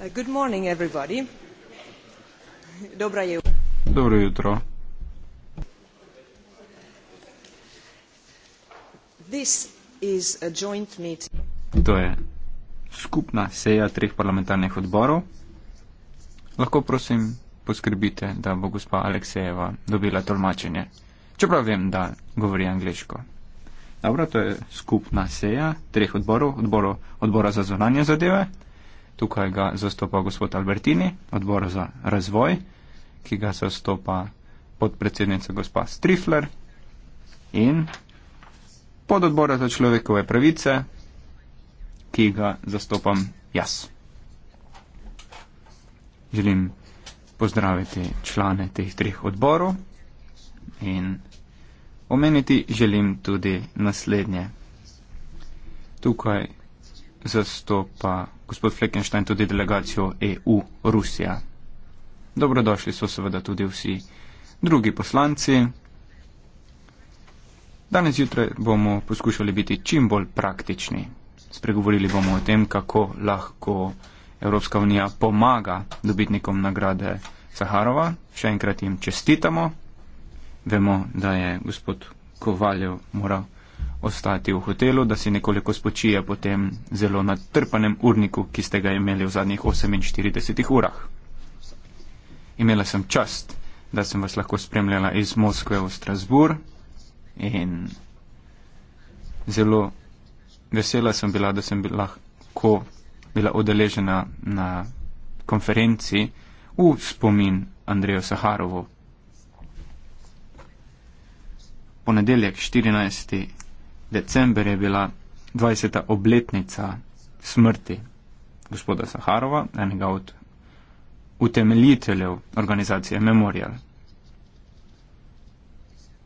Eh, good morning, everybody. Dobro jutro. Dobro jutro. This is a joint to je skupna seja treh parlamentarnih odborov. Lahko prosim poskrbite, da bo gospa Aleksejeva dobila tolmačenje. Čeprav vem, da govori angliško. Dobro, to je skupna seja treh odborov, odboro, odbora za zvonanje zadeve. Tukaj ga zastopa gospod Albertini, odbor za razvoj, ki ga zastopa podpredsednica gospa Strifler in pod odbora za človekove pravice, ki ga zastopam jaz. Želim pozdraviti člane teh treh odborov in omeniti želim tudi naslednje. Tukaj zastopa gospod Fleckenstein, tudi delegacijo EU Rusija. Dobrodošli so seveda tudi vsi drugi poslanci. Danes jutraj bomo poskušali biti čim bolj praktični. Spregovorili bomo o tem, kako lahko Evropska unija pomaga dobitnikom nagrade Saharova. Še enkrat jim čestitamo. Vemo, da je gospod Kovaljev moral ostati v hotelu, da si nekoliko spočije po tem zelo natrpanem urniku, ki ste ga imeli v zadnjih 48 urah. Imela sem čast, da sem vas lahko spremljala iz Moskve v Strasbourg in zelo vesela sem bila, da sem bila lahko bila odeležena na konferenci v spomin Andrejo Saharovo. Ponedeljek 14 december je bila 20. obletnica smrti gospoda Saharova, enega od utemeljiteljev organizacije Memorial.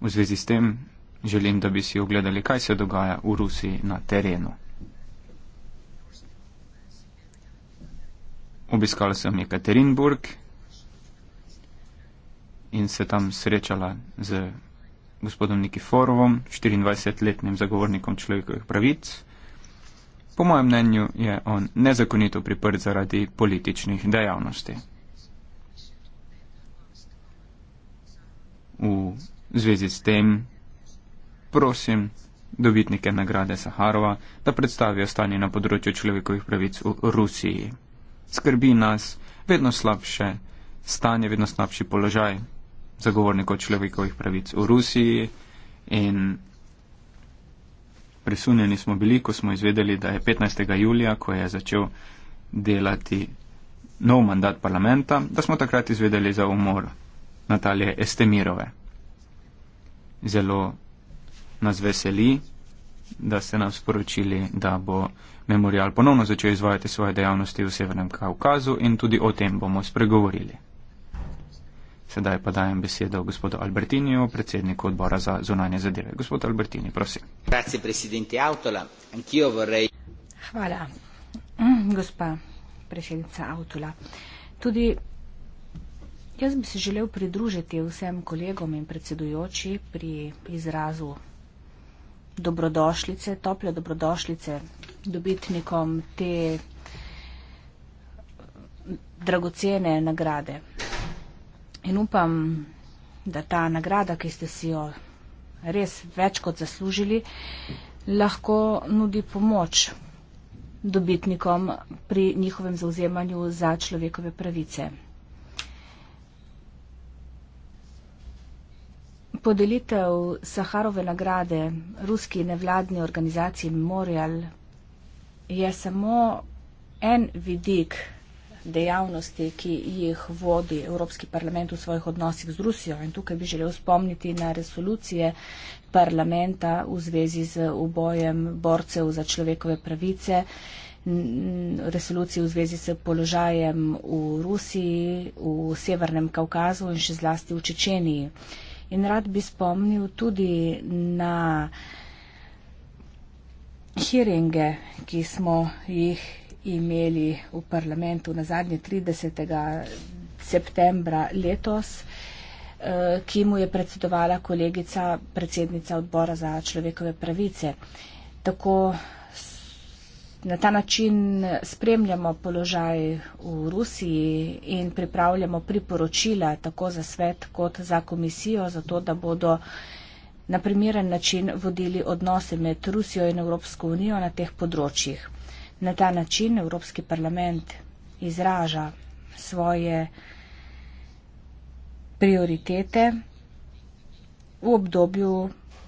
V zvezi s tem želim, da bi si ogledali, kaj se dogaja v Rusiji na terenu. Obiskala sem Jekaterinburg in se tam srečala z gospodom Nikiforovom, 24-letnim zagovornikom človekovih pravic. Po mojem mnenju je on nezakonito priprt zaradi političnih dejavnosti. V zvezi s tem prosim dobitnike nagrade Saharova, da predstavijo stanje na področju človekovih pravic v Rusiji. Skrbi nas vedno slabše stanje, vedno slabši položaj zagovornikov človekovih pravic v Rusiji in presunjeni smo bili, ko smo izvedeli, da je 15. julija, ko je začel delati nov mandat parlamenta, da smo takrat izvedeli za umor Natalije Estemirove. Zelo nas veseli, da ste nam sporočili, da bo memorial ponovno začel izvajati svoje dejavnosti v Severnem Kaukazu in tudi o tem bomo spregovorili. Sedaj pa dajem besedo gospodu Albertiniju, predsedniku odbora za zunanje zadeve. Gospod Albertini, prosim. Hvala, gospa predsednica Avtula. Tudi jaz bi se želel pridružiti vsem kolegom in predsedujoči pri izrazu dobrodošlice, tople dobrodošlice dobitnikom te dragocene nagrade. In upam, da ta nagrada, ki ste si jo res več kot zaslužili, lahko nudi pomoč dobitnikom pri njihovem zauzemanju za človekove pravice. Podelitev Saharove nagrade ruski nevladni organizaciji Memorial je samo en vidik dejavnosti, ki jih vodi Evropski parlament v svojih odnosih z Rusijo. In tukaj bi želel spomniti na resolucije parlamenta v zvezi z obojem borcev za človekove pravice resoluciji v zvezi s položajem v Rusiji, v Severnem Kaukazu in še zlasti v Čečeniji. In rad bi spomnil tudi na hiringe, ki smo jih imeli v parlamentu na zadnje 30. septembra letos, eh, ki mu je predsedovala kolegica predsednica odbora za človekove pravice. Tako na ta način spremljamo položaj v Rusiji in pripravljamo priporočila tako za svet kot za komisijo, zato da bodo na primeren način vodili odnose med Rusijo in Evropsko unijo na teh področjih na ta način Evropski parlament izraža svoje prioritete v obdobju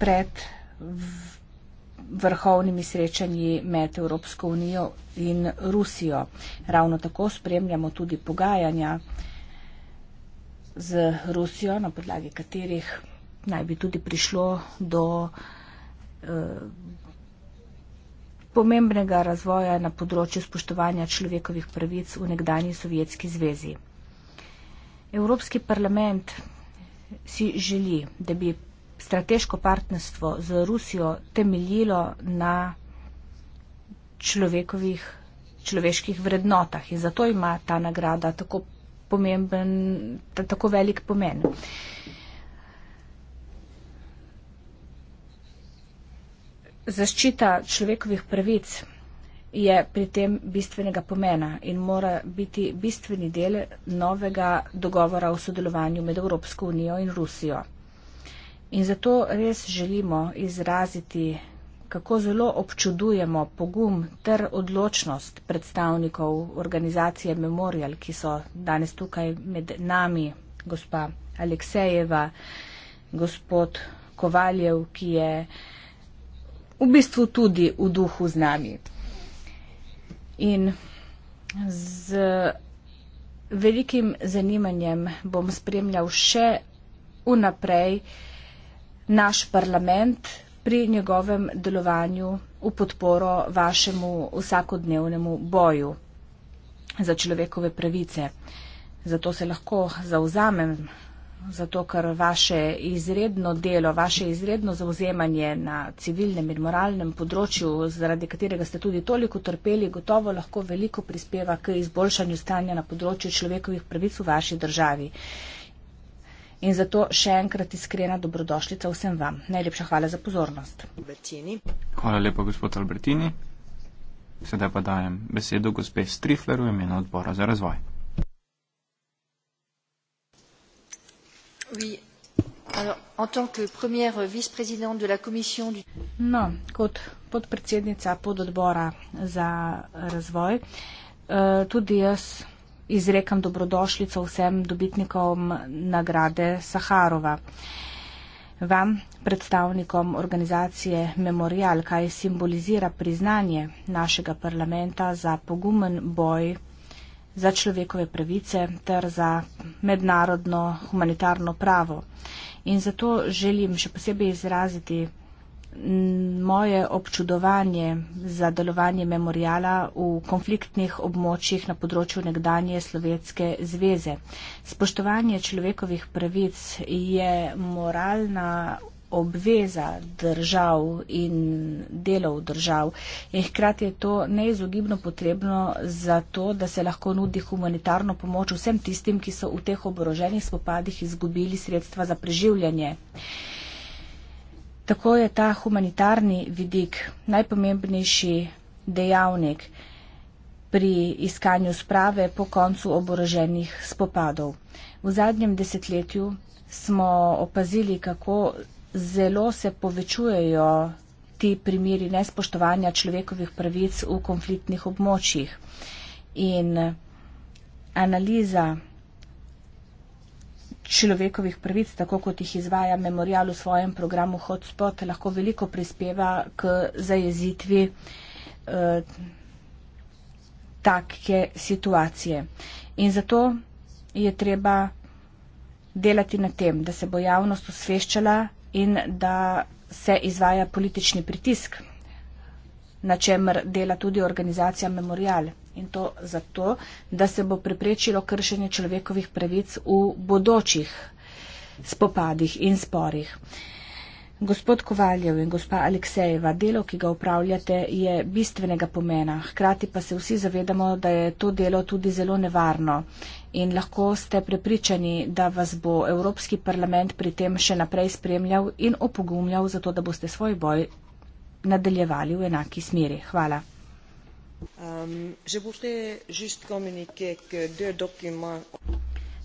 pred vrhovnimi srečanji med Evropsko unijo in Rusijo. Ravno tako spremljamo tudi pogajanja z Rusijo, na podlagi katerih naj bi tudi prišlo do eh, pomembnega razvoja na področju spoštovanja človekovih pravic v nekdani Sovjetski zvezi. Evropski parlament si želi, da bi strateško partnerstvo z Rusijo temeljilo na človekovih, človeških vrednotah in zato ima ta nagrada tako pomemben, tako velik pomen. zaščita človekovih pravic je pri tem bistvenega pomena in mora biti bistveni del novega dogovora o sodelovanju med Evropsko unijo in Rusijo. In zato res želimo izraziti, kako zelo občudujemo pogum ter odločnost predstavnikov organizacije Memorial, ki so danes tukaj med nami, gospa Aleksejeva, gospod Kovaljev, ki je uh, v bistvu tudi v duhu z nami. In z velikim zanimanjem bom spremljal še vnaprej naš parlament pri njegovem delovanju v podporo vašemu vsakodnevnemu boju za človekove pravice. Zato se lahko zauzamem zato ker vaše izredno delo, vaše izredno zauzemanje na civilnem in moralnem področju, zaradi katerega ste tudi toliko trpeli, gotovo lahko veliko prispeva k izboljšanju stanja na področju človekovih pravic v vaši državi. In zato še enkrat iskrena dobrodošljica vsem vam. Najlepša hvala za pozornost. Albertini. Hvala lepa, gospod Albertini. Sedaj pa dajem besedo gospe Strifleru, imena odbora za razvoj. No, kot podpredsednica pododbora za razvoj, eh, tudi jaz izrekam dobrodošljico vsem dobitnikom nagrade Saharova. Vam, predstavnikom organizacije Memorial, kaj simbolizira priznanje našega parlamenta za pogumen boj za človekove pravice ter za mednarodno humanitarno pravo. In zato želim še posebej izraziti moje občudovanje za delovanje memoriala v konfliktnih območjih na področju nekdanje Slovenske zveze. Spoštovanje človekovih pravic je moralna obveza držav in delov držav in hkrati je to neizogibno potrebno za to, da se lahko nudi humanitarno pomoč vsem tistim, ki so v teh oboroženih spopadih izgubili sredstva za preživljanje. Tako je ta humanitarni vidik najpomembnejši dejavnik pri iskanju sprave po koncu oboroženih spopadov. V zadnjem desetletju smo opazili, kako zelo se povečujejo ti primeri nespoštovanja človekovih pravic v konfliktnih območjih. In analiza človekovih pravic, tako kot jih izvaja memorial v svojem programu Hotspot, lahko veliko prispeva k zajezitvi eh, take situacije. In zato je treba delati na tem, da se bo javnost osveščala in da se izvaja politični pritisk, na čemer dela tudi organizacija Memorial. In to zato, da se bo preprečilo kršenje človekovih pravic v bodočih spopadih in sporih. Uh, Gospod Kovaljev in gospa Aleksejeva, delo, ki ga upravljate, je bistvenega pomena. Hkrati pa se vsi zavedamo, da je to delo tudi zelo nevarno in lahko ste prepričani, da vas bo Evropski parlament pri tem še naprej spremljal in opogumljal, zato da boste svoj boj nadaljevali v enaki smeri. Hvala. Um,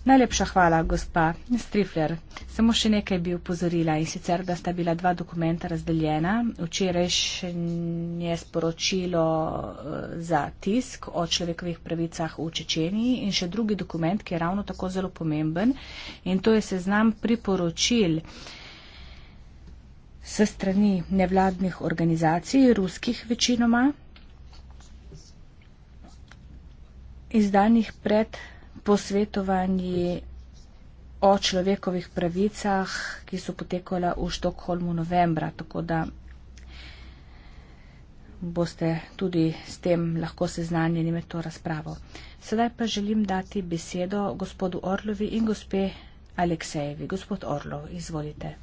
Najlepša hvala, gospa Strifler. Samo še nekaj bi upozorila in sicer, da sta bila dva dokumenta razdeljena. Včerajšnje sporočilo eh, za tisk o človekovih pravicah v Čečeniji in še drugi dokument, ki je ravno tako zelo pomemben in to je seznam priporočil s strani nevladnih organizacij, ruskih večinoma, izdanih pred posvetovanji o človekovih pravicah, ki so potekala v Štokholmu novembra, tako da boste tudi s tem lahko seznanjeni med to razpravo. Sedaj pa želim dati besedo gospodu Orlovi in gospe Aleksejevi. Gospod Orlov, izvolite.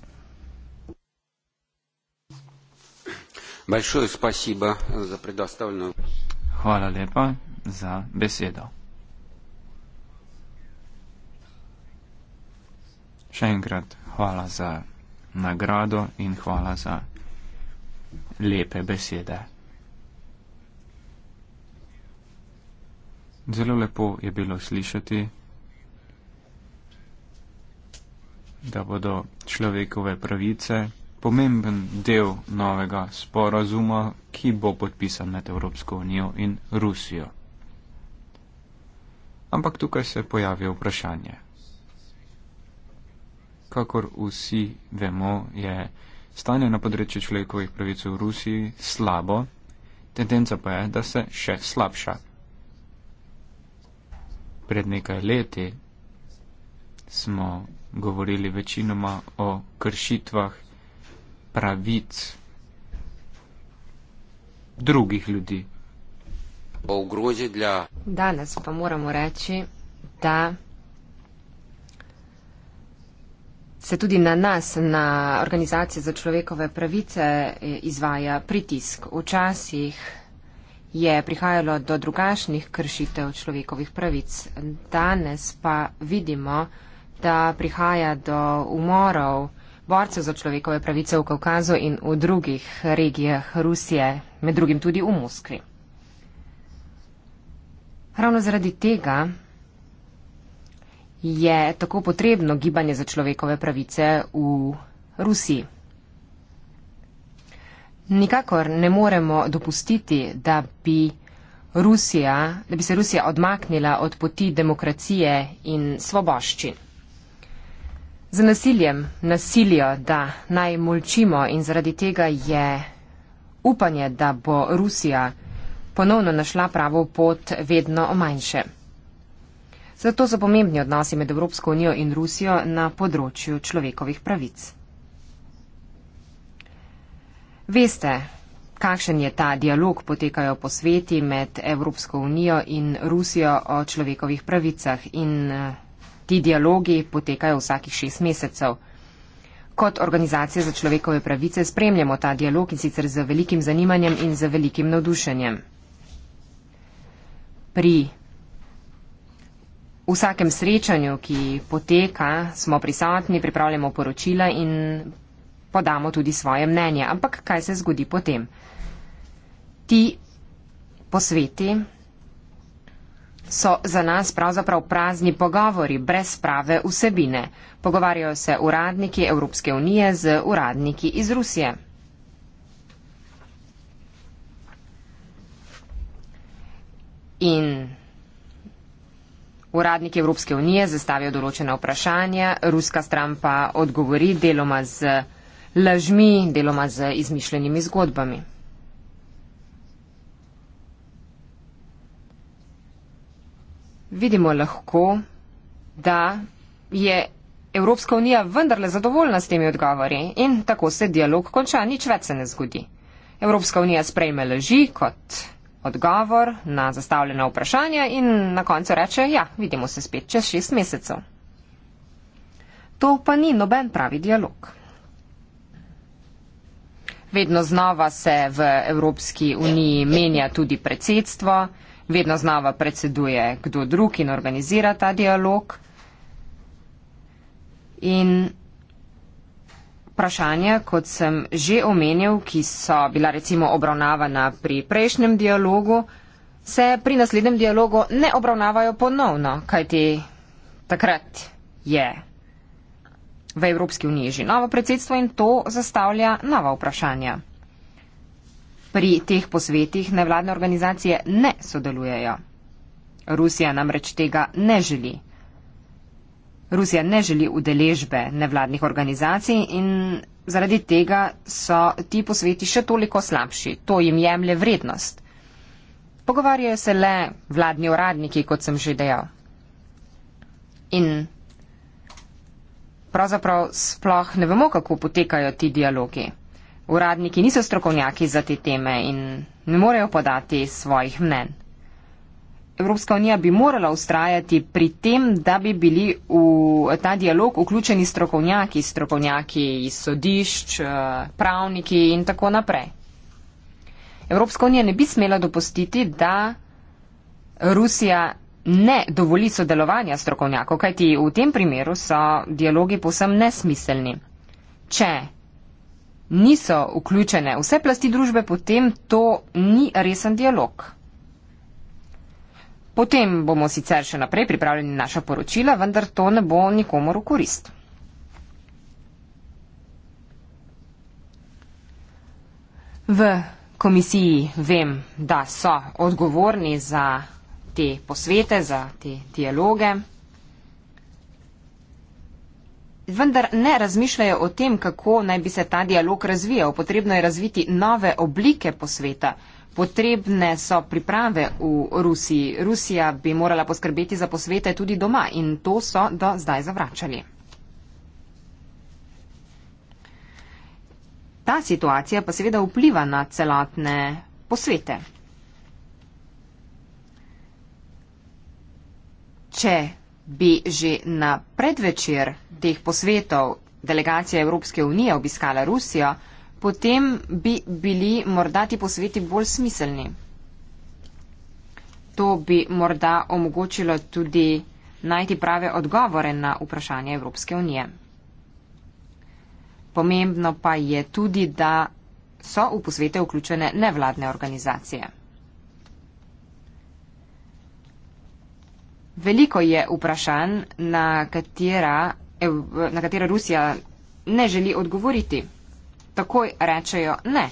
Hvala lepa za besedo. Še enkrat hvala za nagrado in hvala za lepe besede. Zelo lepo je bilo slišati, da bodo človekove pravice pomemben del novega sporazuma, ki bo podpisan med Evropsko unijo in Rusijo. Ampak tukaj se pojavi vprašanje kakor vsi vemo, je stanje na področju človekovih pravic v Rusiji slabo, tendenca pa je, da se še slabša. Pred nekaj leti smo govorili večinoma o kršitvah pravic drugih ljudi. Danes pa moramo reči, da se tudi na nas, na organizacije za človekove pravice, eh, izvaja pritisk. Včasih je prihajalo do drugačnih kršitev človekovih pravic. Danes pa vidimo, da prihaja do umorov borcev za človekove pravice v Kaukazu in v drugih regijah Rusije, med drugim tudi v Moskvi. Ravno zaradi tega je tako potrebno gibanje za človekove pravice v Rusiji? Nikakor ne moremo dopustiti, da bi, Rusija, da bi se Rusija odmaknila od poti demokracije in svoboščin. Za nasiljem nasilijo, da naj molčimo in zaradi tega je upanje, da bo Rusija ponovno našla pravo pot vedno manjše. Zato so pomembni odnosi med Evropsko unijo in Rusijo na področju človekovih pravic. Veste, kakšen je ta dialog potekajo po sveti med Evropsko unijo in Rusijo o človekovih pravicah in eh, ti dialogi potekajo vsakih šest mesecev. Kot organizacija za človekove pravice spremljamo ta dialog in sicer z velikim zanimanjem in z velikim navdušenjem. Pri V vsakem srečanju, ki poteka, smo prisotni, pripravljamo poročila in podamo tudi svoje mnenje. Ampak kaj se zgodi potem? Ti posveti so za nas pravzaprav prazni pogovori, brez prave vsebine. Pogovarjajo se uradniki Evropske unije z uradniki iz Rusije. In Uradnik Evropske unije zastavijo določena vprašanja, ruska stran pa odgovori deloma z lažmi, deloma z izmišljenimi zgodbami. Vidimo lahko, da je Evropska unija vendarle zadovoljna s temi odgovori in tako se dialog konča, nič več se ne zgodi. Evropska unija sprejme laži kot odgovor na zastavljena vprašanja in na koncu reče, ja, vidimo se spet čez šest mesecev. To pa ni noben pravi dialog. Vedno znova se v Evropski uniji menja tudi predsedstvo, vedno znova predseduje kdo drug in organizira ta dialog. In vprašanja, kot sem že omenil, ki so bila recimo obravnavana pri prejšnjem dialogu, se pri naslednjem dialogu ne obravnavajo ponovno, kajti takrat je v Evropski uniji že novo predsedstvo in to zastavlja nova vprašanja. Pri teh posvetih nevladne organizacije ne sodelujejo. Rusija namreč tega ne želi. Rusija ne želi udeležbe nevladnih organizacij in zaradi tega so ti posveti še toliko slabši. To jim jemlje vrednost. Pogovarjajo se le vladni uradniki, kot sem že dejal. In pravzaprav sploh ne vemo, kako potekajo ti dialogi. Uradniki niso strokovnjaki za te teme in ne morejo podati svojih mnen. Evropska unija bi morala ustrajati pri tem, da bi bili v ta dialog vključeni strokovnjaki, strokovnjaki iz sodišč, eh, pravniki in tako naprej. Evropska unija ne bi smela dopustiti, da Rusija ne dovoli sodelovanja strokovnjakov, kajti v tem primeru so dialogi povsem nesmiselni. Če niso vključene vse plasti družbe, potem to ni resen dialog. Potem bomo sicer še naprej pripravljali naša poročila, vendar to ne bo nikomor v korist. V komisiji vem, da so odgovorni za te posvete, za te dialoge, vendar ne razmišljajo o tem, kako naj bi se ta dialog razvijal. Potrebno je razviti nove oblike posveta. Potrebne so priprave v Rusiji. Rusija bi morala poskrbeti za posvete tudi doma in to so do zdaj zavračali. Ta situacija pa seveda vpliva na celotne posvete. Če bi že na predvečer teh posvetov delegacija Evropske unije obiskala Rusijo, potem bi bili morda ti posveti bolj smiselni. To bi morda omogočilo tudi najti prave odgovore na vprašanje Evropske unije. Pomembno pa je tudi, da so v posvete vključene nevladne organizacije. Veliko je vprašanj, na katera, na katera Rusija ne želi odgovoriti takoj rečejo ne.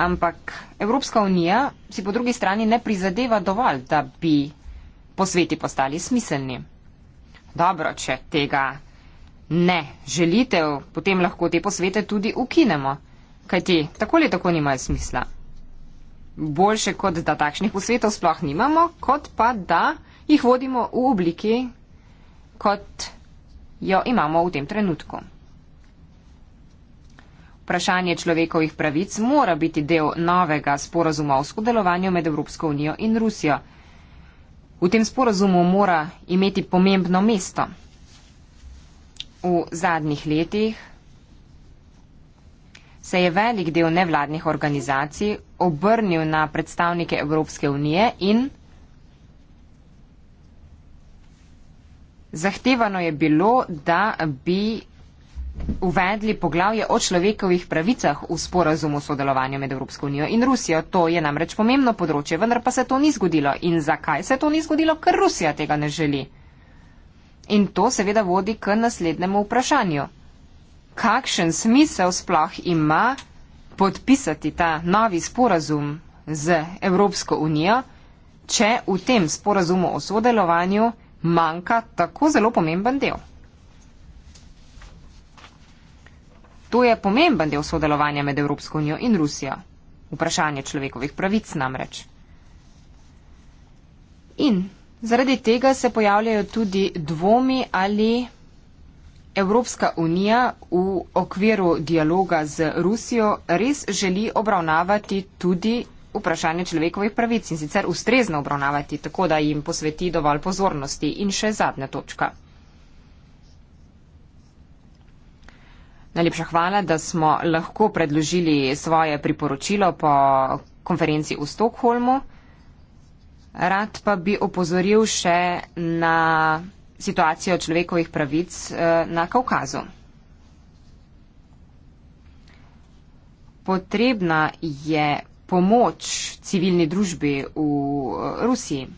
Ampak Evropska unija si po drugi strani ne prizadeva dovolj, da bi po sveti postali smiselni. Dobro, če tega ne želite, potem lahko te posvete tudi ukinemo, kajti tako ali tako nimajo smisla. Boljše kot da takšnih posvetov sploh nimamo, kot pa da jih vodimo v obliki, kot jo imamo v tem trenutku. Vprašanje človekovih pravic mora biti del novega sporazuma o sodelovanju med Evropsko unijo in Rusijo. V tem sporazumu mora imeti pomembno mesto. V zadnjih letih se je velik del nevladnih organizacij obrnil na predstavnike Evropske unije in zahtevano je bilo, da bi uvedli poglavje o človekovih pravicah v sporazumu o sodelovanju med Evropsko unijo in Rusijo. To je namreč pomembno področje, vendar pa se to ni zgodilo. In zakaj se to ni zgodilo? Ker Rusija tega ne želi. In to seveda vodi k naslednjemu vprašanju. Kakšen smisel sploh ima podpisati ta novi sporazum z Evropsko unijo, če v tem sporazumu o sodelovanju manjka tako zelo pomemben del? To je pomemben del sodelovanja med Evropsko unijo in Rusijo. Vprašanje človekovih pravic namreč. In zaradi tega se pojavljajo tudi dvomi, ali Evropska unija v okviru dialoga z Rusijo res želi obravnavati tudi vprašanje človekovih pravic in sicer ustrezno obravnavati, tako da jim posveti dovolj pozornosti. In še zadnja točka. Najlepša hvala, da smo lahko predložili svoje priporočilo po konferenci v Stokholmu. Rad pa bi opozoril še na situacijo človekovih pravic eh, na Kaukazu. Potrebna je pomoč civilni družbi v eh, Rusiji.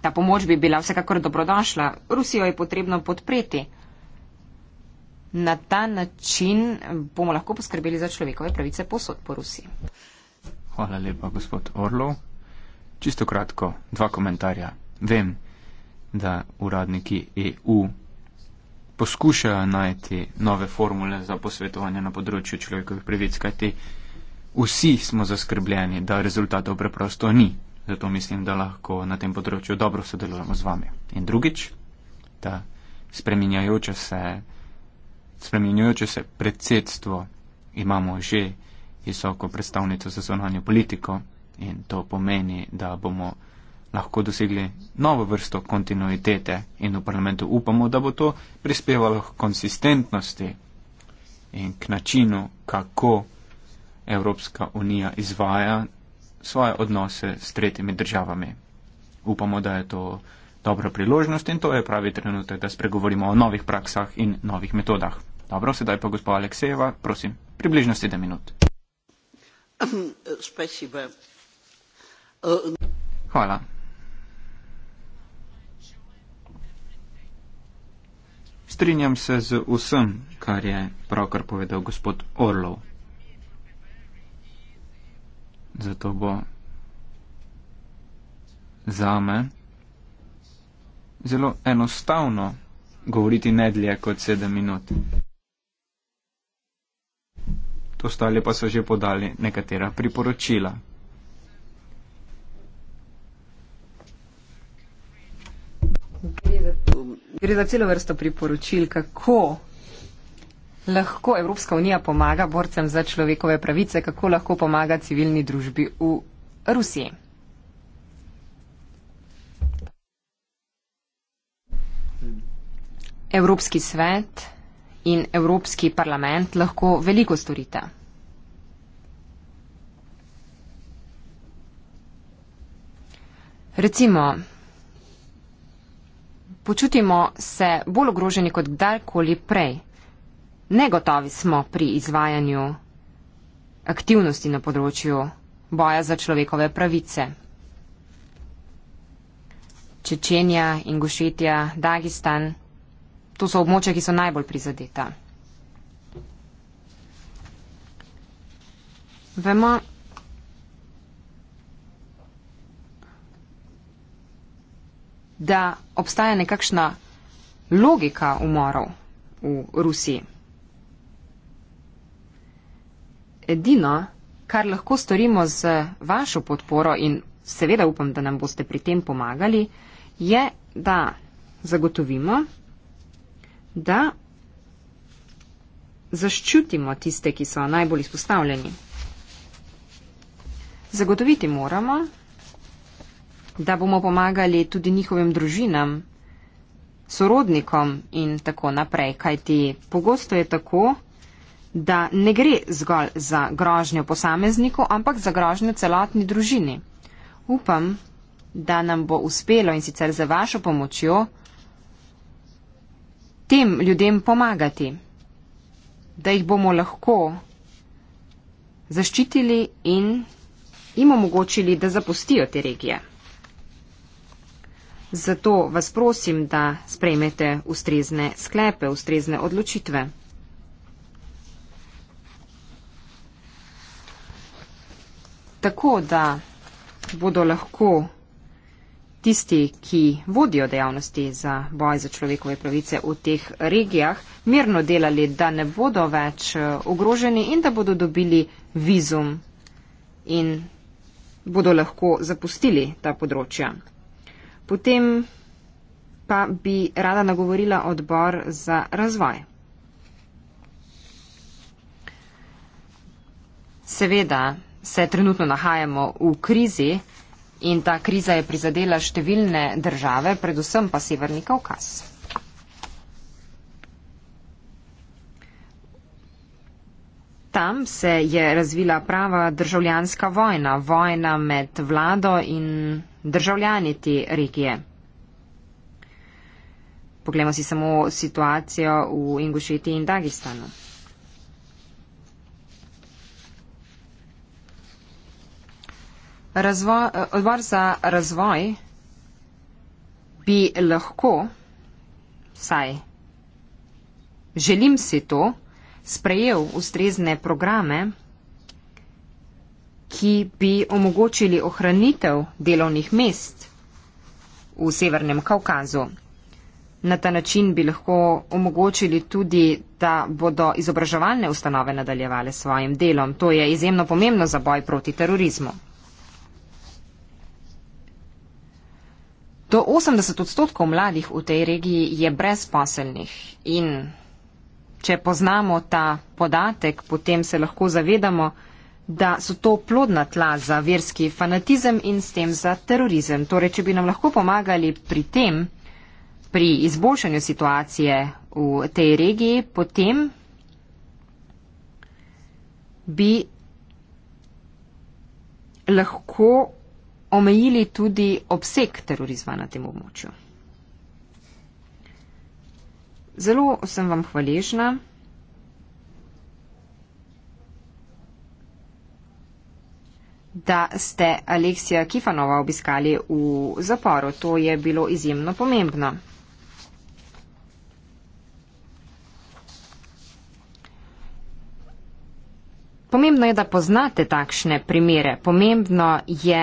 Ta pomoč bi bila vsekakor dobrodošla. Rusijo je potrebno podpreti. Na ta način bomo lahko poskrbeli za človekove pravice posod po Rusiji. Hvala lepa, gospod Orlov. Čisto kratko, dva komentarja. Vem, da uradniki EU poskušajo najti nove formule za posvetovanje na področju človekovih pravic, kajti vsi smo zaskrbljeni, da rezultatov preprosto ni. Zato mislim, da lahko na tem področju dobro sodelujemo z vami. In drugič, da spreminjajoče se spremenjujoče se predsedstvo. Imamo že visoko predstavnico za zonanjo politiko in to pomeni, da bomo lahko dosegli novo vrsto kontinuitete in v parlamentu upamo, da bo to prispevalo k konsistentnosti in k načinu, kako Evropska unija izvaja svoje odnose s tretjimi državami. Upamo, da je to dobro priložnost in to je pravi trenutek, da spregovorimo o novih praksah in novih metodah. Dobro, sedaj pa gospod Aleksejeva, prosim, približno sedem minut. Hvala. Strinjam se z vsem, kar je pravkar povedal gospod Orlov. Zato bo zame zelo enostavno govoriti ne dlje kot sedem minut. Ostali pa so že podali nekatera priporočila. Gre za, gre za celo vrsto priporočil, kako lahko Evropska unija pomaga borcem za človekove pravice, kako lahko pomaga civilni družbi v Rusiji. Evropski svet in Evropski parlament lahko veliko storite. Recimo, počutimo se bolj ogroženi kot kdajkoli prej. Negotovi smo pri izvajanju aktivnosti na področju boja za človekove pravice. Čečenja, Ingušetija, Dagestan. To so območja, ki so najbolj prizadeta. Vemo, da obstaja nekakšna logika umorov v Rusiji. Edino, kar lahko storimo z vašo podporo in seveda upam, da nam boste pri tem pomagali, je, da zagotovimo, da zaščutimo tiste, ki so najbolj izpostavljeni. Zagotoviti moramo, da bomo pomagali tudi njihovim družinam, sorodnikom in tako naprej, kajti pogosto je tako, da ne gre zgolj za grožnjo posamezniku, ampak za grožnjo celotni družini. Upam, da nam bo uspelo in sicer za vašo pomočjo, tem ljudem pomagati, da jih bomo lahko zaščitili in jim omogočili, da zapustijo te regije. Zato vas prosim, da sprejmete ustrezne sklepe, ustrezne odločitve. Tako da bodo lahko tisti, ki vodijo dejavnosti za boj za človekove pravice v teh regijah, mirno delali, da ne bodo več eh, ogroženi in da bodo dobili vizum in bodo lahko zapustili ta področja. Potem pa bi rada nagovorila odbor za razvoj. Seveda se trenutno nahajamo v krizi, In ta kriza je prizadela številne države, predvsem pa Severni Kaukas. Tam se je razvila prava državljanska vojna, vojna med vlado in državljani te regije. Poglejmo si samo situacijo v Ingušeti in Dagestanu. razvo, odbor za razvoj bi lahko, saj želim si to, sprejel ustrezne programe, ki bi omogočili ohranitev delovnih mest v Severnem Kaukazu. Na ta način bi lahko omogočili tudi, da bodo izobraževalne ustanove nadaljevale svojim delom. To je izjemno pomembno za boj proti terorizmu. Do 80 odstotkov mladih v tej regiji je brezposelnih in če poznamo ta podatek, potem se lahko zavedamo, da so to plodna tla za verski fanatizem in s tem za terorizem. Torej, če bi nam lahko pomagali pri tem, pri izboljšanju situacije v tej regiji, potem bi lahko omejili tudi obseg terorizma na tem območju. Zelo sem vam hvaležna. da ste Aleksija Kifanova obiskali v zaporu. To je bilo izjemno pomembno. Pomembno je, da poznate takšne primere. Pomembno je,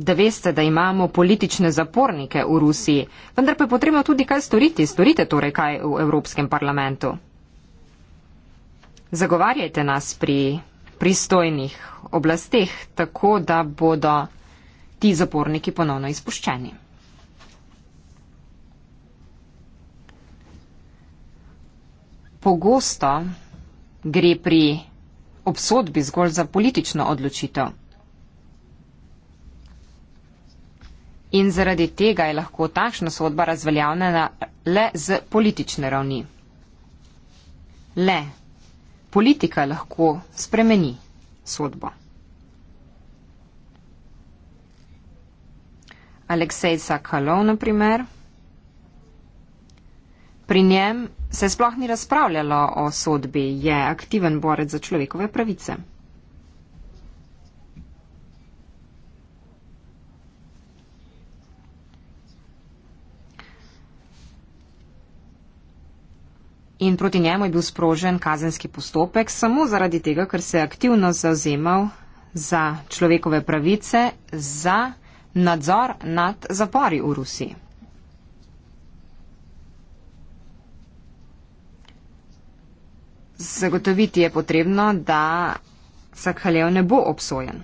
da veste, da imamo politične zapornike v Rusiji, vendar pa je potrebno tudi kaj storiti. Storite torej kaj v Evropskem parlamentu. Zagovarjajte nas pri pristojnih oblasteh, tako da bodo ti zaporniki ponovno izpuščeni. Pogosto gre pri obsodbi zgolj za politično odločitev. in zaradi tega je lahko takšna sodba razveljavljena le z politične ravni. Le politika lahko spremeni sodbo. Aleksej Sakalov, na primer. Pri njem se sploh ni razpravljalo o sodbi, je aktiven borec za človekove pravice. in proti njemu je bil sprožen kazenski postopek samo zaradi tega, ker se je aktivno zauzemal za človekove pravice, za nadzor nad zapori v Rusiji. Zagotoviti je potrebno, da Sakhalev ne bo obsojen.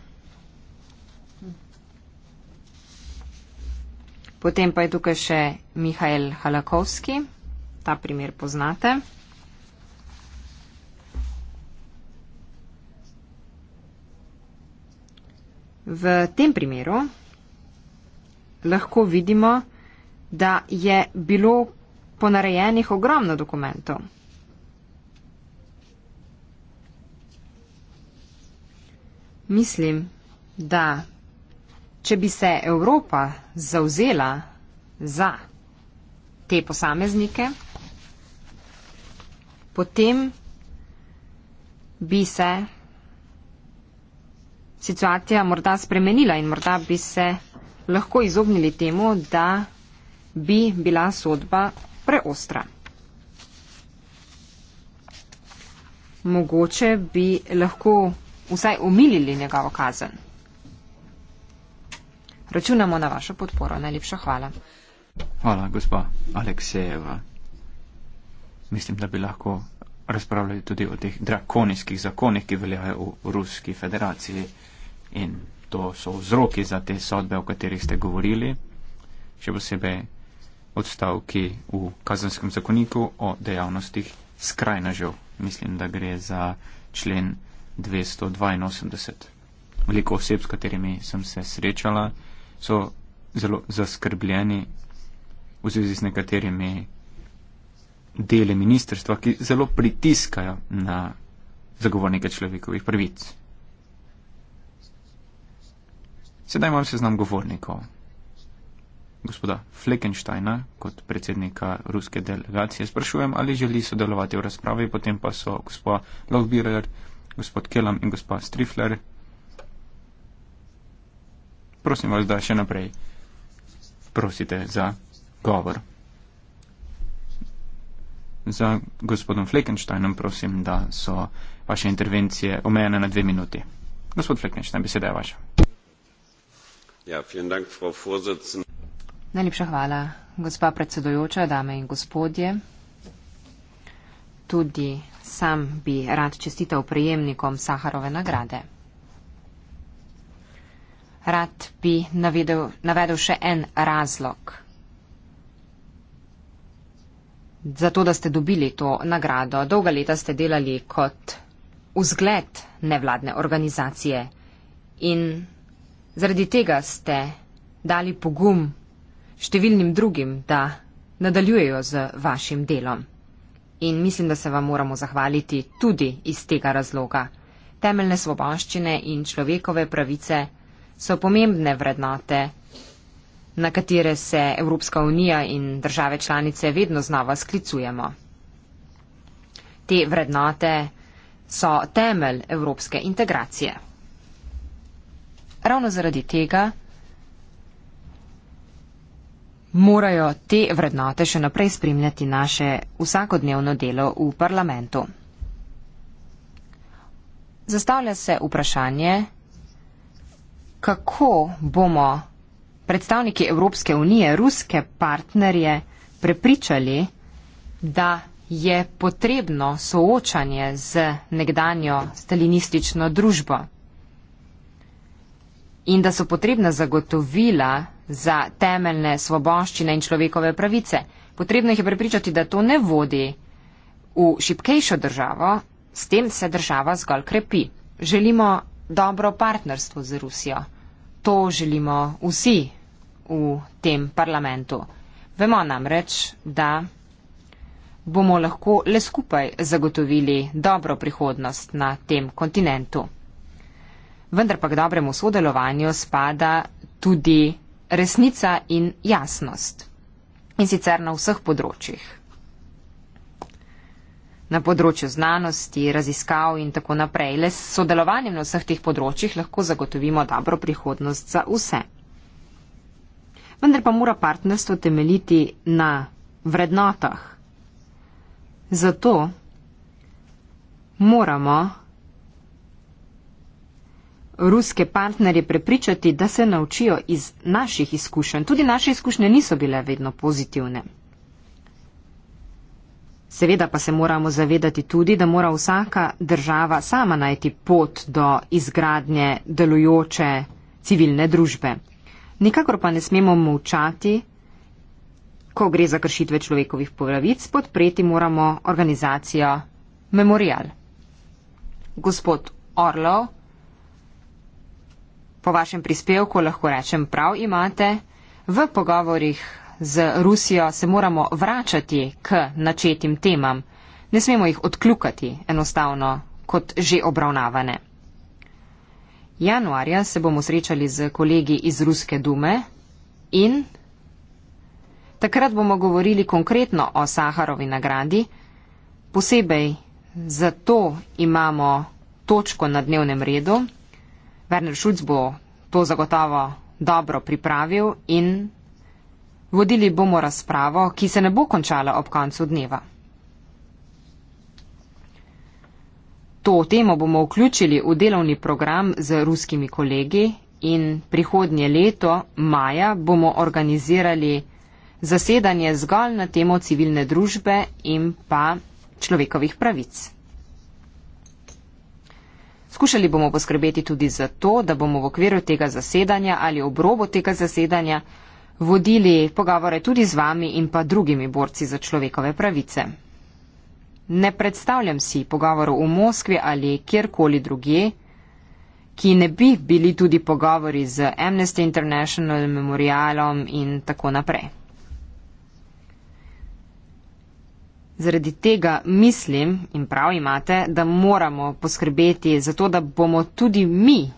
Potem pa je tukaj še Mihajl Halakovski ta primer poznate. V tem primeru lahko vidimo, da je bilo ponarejenih ogromno dokumentov. Mislim, da če bi se Evropa zauzela za te posameznike, potem bi se situacija morda spremenila in morda bi se lahko izognili temu, da bi bila sodba preostra. Mogoče bi lahko vsaj omilili njegovo kazen. Računamo na vašo podporo. Najlepša hvala. Hvala, gospa Aleksejeva mislim, da bi lahko razpravljali tudi o teh drakonijskih zakonih, ki veljajo v Ruski federaciji in to so vzroki za te sodbe, o katerih ste govorili, še posebej odstavki v kazenskem zakoniku o dejavnostih skrajnežev. Mislim, da gre za člen 282. Veliko oseb, s katerimi sem se srečala, so zelo zaskrbljeni v zvezi z nekaterimi dele ministrstva, ki zelo pritiskajo na zagovornike človekovih prvic. Sedaj imam seznam govornikov. Gospoda Fleckensteina kot predsednika ruske delegacije sprašujem, ali želi sodelovati v razpravi, potem pa so gospod Lochbierer, gospod Kellam in gospod Strifler. Prosim vas, da še naprej prosite za govor za gospodom Fleckensteinom prosim, da so vaše intervencije omejene na dve minuti. Gospod Fleckenstein, beseda je vaša. Ja, dank, Najlepša hvala, gospa predsedujoča, dame in gospodje. Tudi sam bi rad čestital prejemnikom Saharove nagrade. Rad bi navedel, navedel še en razlog za to, da ste dobili to nagrado. Dolga leta ste delali kot vzgled nevladne organizacije in zaradi tega ste dali pogum številnim drugim, da nadaljujejo z vašim delom. In mislim, da se vam moramo zahvaliti tudi iz tega razloga. Temeljne svoboščine in človekove pravice so pomembne vrednote na katere se Evropska unija in države članice vedno znova sklicujemo. Te vrednote so temelj evropske integracije. Ravno zaradi tega morajo te vrednote še naprej spremljati naše vsakodnevno delo v parlamentu. Zastavlja se vprašanje, kako bomo predstavniki Evropske unije ruske partnerje prepričali, da je potrebno soočanje z nekdanjo stalinistično družbo in da so potrebna zagotovila za temeljne svoboščine in človekove pravice. Potrebno jih je prepričati, da to ne vodi v šipkejšo državo, s tem se država zgolj krepi. Želimo dobro partnerstvo z Rusijo to želimo vsi v tem parlamentu. Vemo namreč, da bomo lahko le skupaj zagotovili dobro prihodnost na tem kontinentu. Vendar pa k dobremu sodelovanju spada tudi resnica in jasnost. In sicer na vseh področjih na področju znanosti, raziskav in tako naprej. Le s sodelovanjem na vseh teh področjih lahko zagotovimo dobro prihodnost za vse. Vendar pa mora partnerstvo temeljiti na vrednotah. Zato moramo ruske partnerje prepričati, da se naučijo iz naših izkušenj. Tudi naše izkušnje niso bile vedno pozitivne. Seveda pa se moramo zavedati tudi, da mora vsaka država sama najti pot do izgradnje delujoče civilne družbe. Nikakor pa ne smemo molčati, ko gre za kršitve človekovih pravic, podpreti moramo organizacijo Memorial. Gospod Orlov, po vašem prispevku lahko rečem prav imate, v pogovorih z Rusijo, se moramo vračati k načetim temam. Ne smemo jih odkljukati enostavno kot že obravnavane. Januarja se bomo srečali z kolegi iz Ruske dume in takrat bomo govorili konkretno o Saharovi nagradi. Posebej zato imamo točko na dnevnem redu. Werner Schulz bo to zagotovo dobro pripravil in Vodili bomo razpravo, ki se ne bo končala ob koncu dneva. To temo bomo vključili v delovni program z ruskimi kolegi in prihodnje leto, maja, bomo organizirali zasedanje zgolj na temo civilne družbe in pa človekovih pravic. Skušali bomo poskrbeti tudi za to, da bomo v okviru tega zasedanja ali obrobo tega zasedanja vodili pogovore tudi z vami in pa drugimi borci za človekove pravice. Ne predstavljam si pogovorov v Moskvi ali kjerkoli druge, ki ne bi bili tudi pogovori z Amnesty International, Memorialom in tako naprej. Zaradi tega mislim in prav imate, da moramo poskrbeti za to, da bomo tudi mi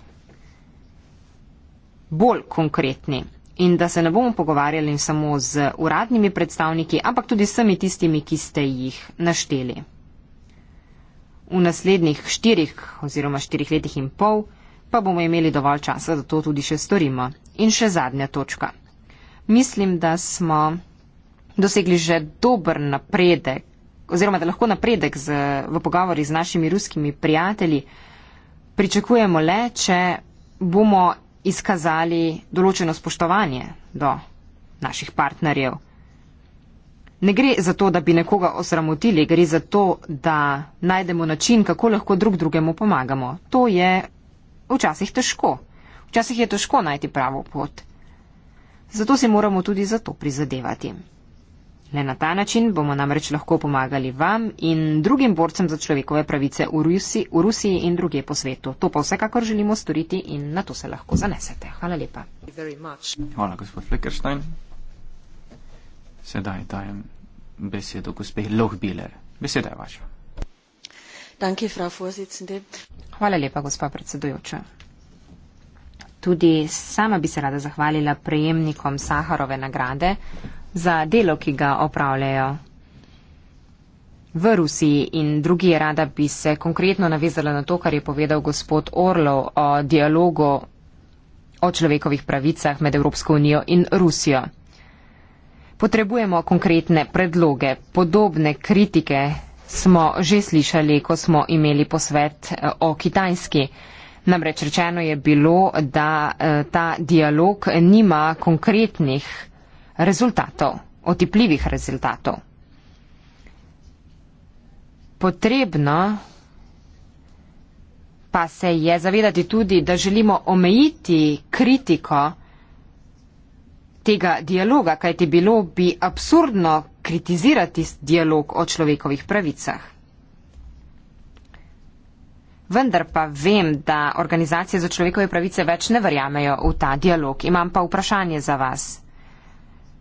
bolj konkretni in da se ne bomo pogovarjali samo z uradnimi predstavniki, ampak tudi s vsemi tistimi, ki ste jih našteli. V naslednjih štirih oziroma štirih letih in pol pa bomo imeli dovolj časa, da to tudi še storimo. In še zadnja točka. Mislim, da smo dosegli že dober napredek oziroma da lahko napredek z, v pogovori z našimi ruskimi prijatelji pričakujemo le, če bomo izkazali določeno spoštovanje do naših partnerjev. Ne gre za to, da bi nekoga osramotili, gre za to, da najdemo način, kako lahko drug drugemu pomagamo. To je včasih težko. Včasih je težko najti pravo pot. Zato si moramo tudi za to prizadevati. Le na ta način bomo namreč lahko pomagali vam in drugim borcem za človekove pravice v Rusiji, v Rusiji in druge po svetu. To pa vsekakor želimo storiti in na to se lahko zanesete. Hvala lepa. Hvala, gospod Fleckerstein. Sedaj dajem besedo gospe Lohbiler. Beseda je vaša. Danke, Hvala lepa, gospa predsedujoča. Tudi sama bi se rada zahvalila prejemnikom Saharove nagrade, za delo, ki ga opravljajo. V Rusiji in drugi rada bi se konkretno navezala na to, kar je povedal gospod Orlov o dialogu o človekovih pravicah med Evropsko unijo in Rusijo. Potrebujemo konkretne predloge. Podobne kritike smo že slišali, ko smo imeli posvet eh, o Kitajski. Namreč rečeno je bilo, da eh, ta dialog nima konkretnih predlogov rezultatov, otipljivih rezultatov. Potrebno pa se je zavedati tudi, da želimo omejiti kritiko tega dialoga, kajti bilo bi absurdno kritizirati dialog o človekovih pravicah. Vendar pa vem, da organizacije za človekove pravice več ne verjamejo v ta dialog. Imam pa vprašanje za vas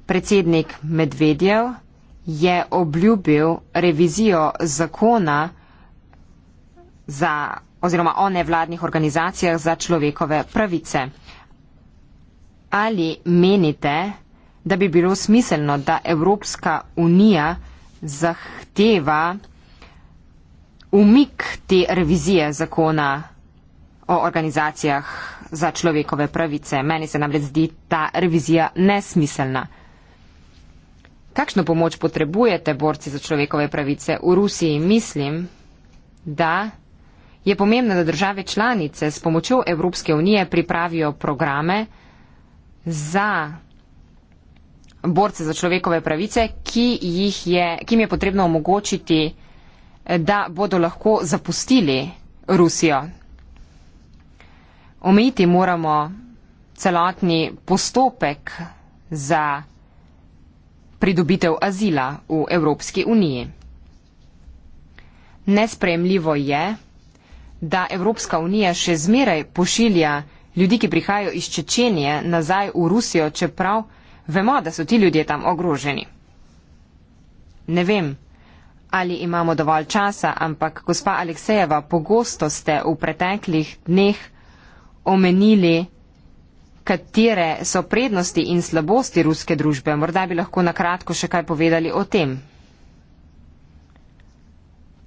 predsednik Medvedjev je obljubil revizijo zakona za, oziroma o nevladnih organizacijah za človekove pravice. Ali menite, da bi bilo smiselno, da Evropska unija zahteva umik te revizije zakona o organizacijah za človekove pravice? Meni se namreč zdi ta revizija nesmiselna. Kakšno pomoč potrebujete, borci za človekove pravice v Rusiji? Mislim, da je pomembno, da države članice s pomočjo Evropske unije pripravijo programe za borce za človekove pravice, ki jih je, ki jim je potrebno omogočiti, da bodo lahko zapustili Rusijo. Omejiti moramo celotni postopek za pridobitev azila v Evropski uniji. Nespremljivo je, da Evropska unija še zmeraj pošilja ljudi, ki prihajajo iz Čečenije, nazaj v Rusijo, čeprav vemo, da so ti ljudje tam ogroženi. Ne vem, ali imamo dovolj časa, ampak gospa Aleksejeva, pogosto ste v preteklih dneh omenili katere so prednosti in slabosti ruske družbe. Morda bi lahko na kratko še kaj povedali o tem.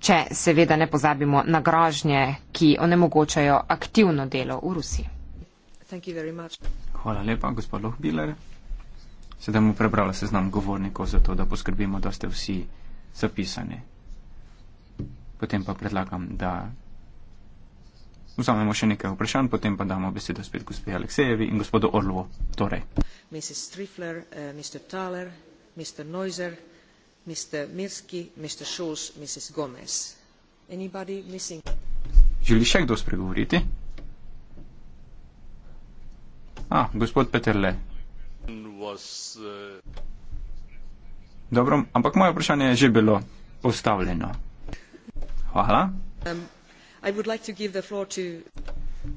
Če seveda ne pozabimo na grožnje, ki onemogočajo aktivno delo v Rusiji. Hvala lepa, gospod Lohbiler. Sedaj bomo prebrali seznam govornikov, zato da poskrbimo, da ste vsi zapisani. Potem pa predlagam, da vzamemo še nekaj vprašanj, potem pa damo besedo spet gospe Aleksejevi in gospodu Orlovo. Torej. Želi še kdo spregovoriti? A, gospod Peterle. Dobro, ampak moje vprašanje je že bilo postavljeno. Hvala. Um,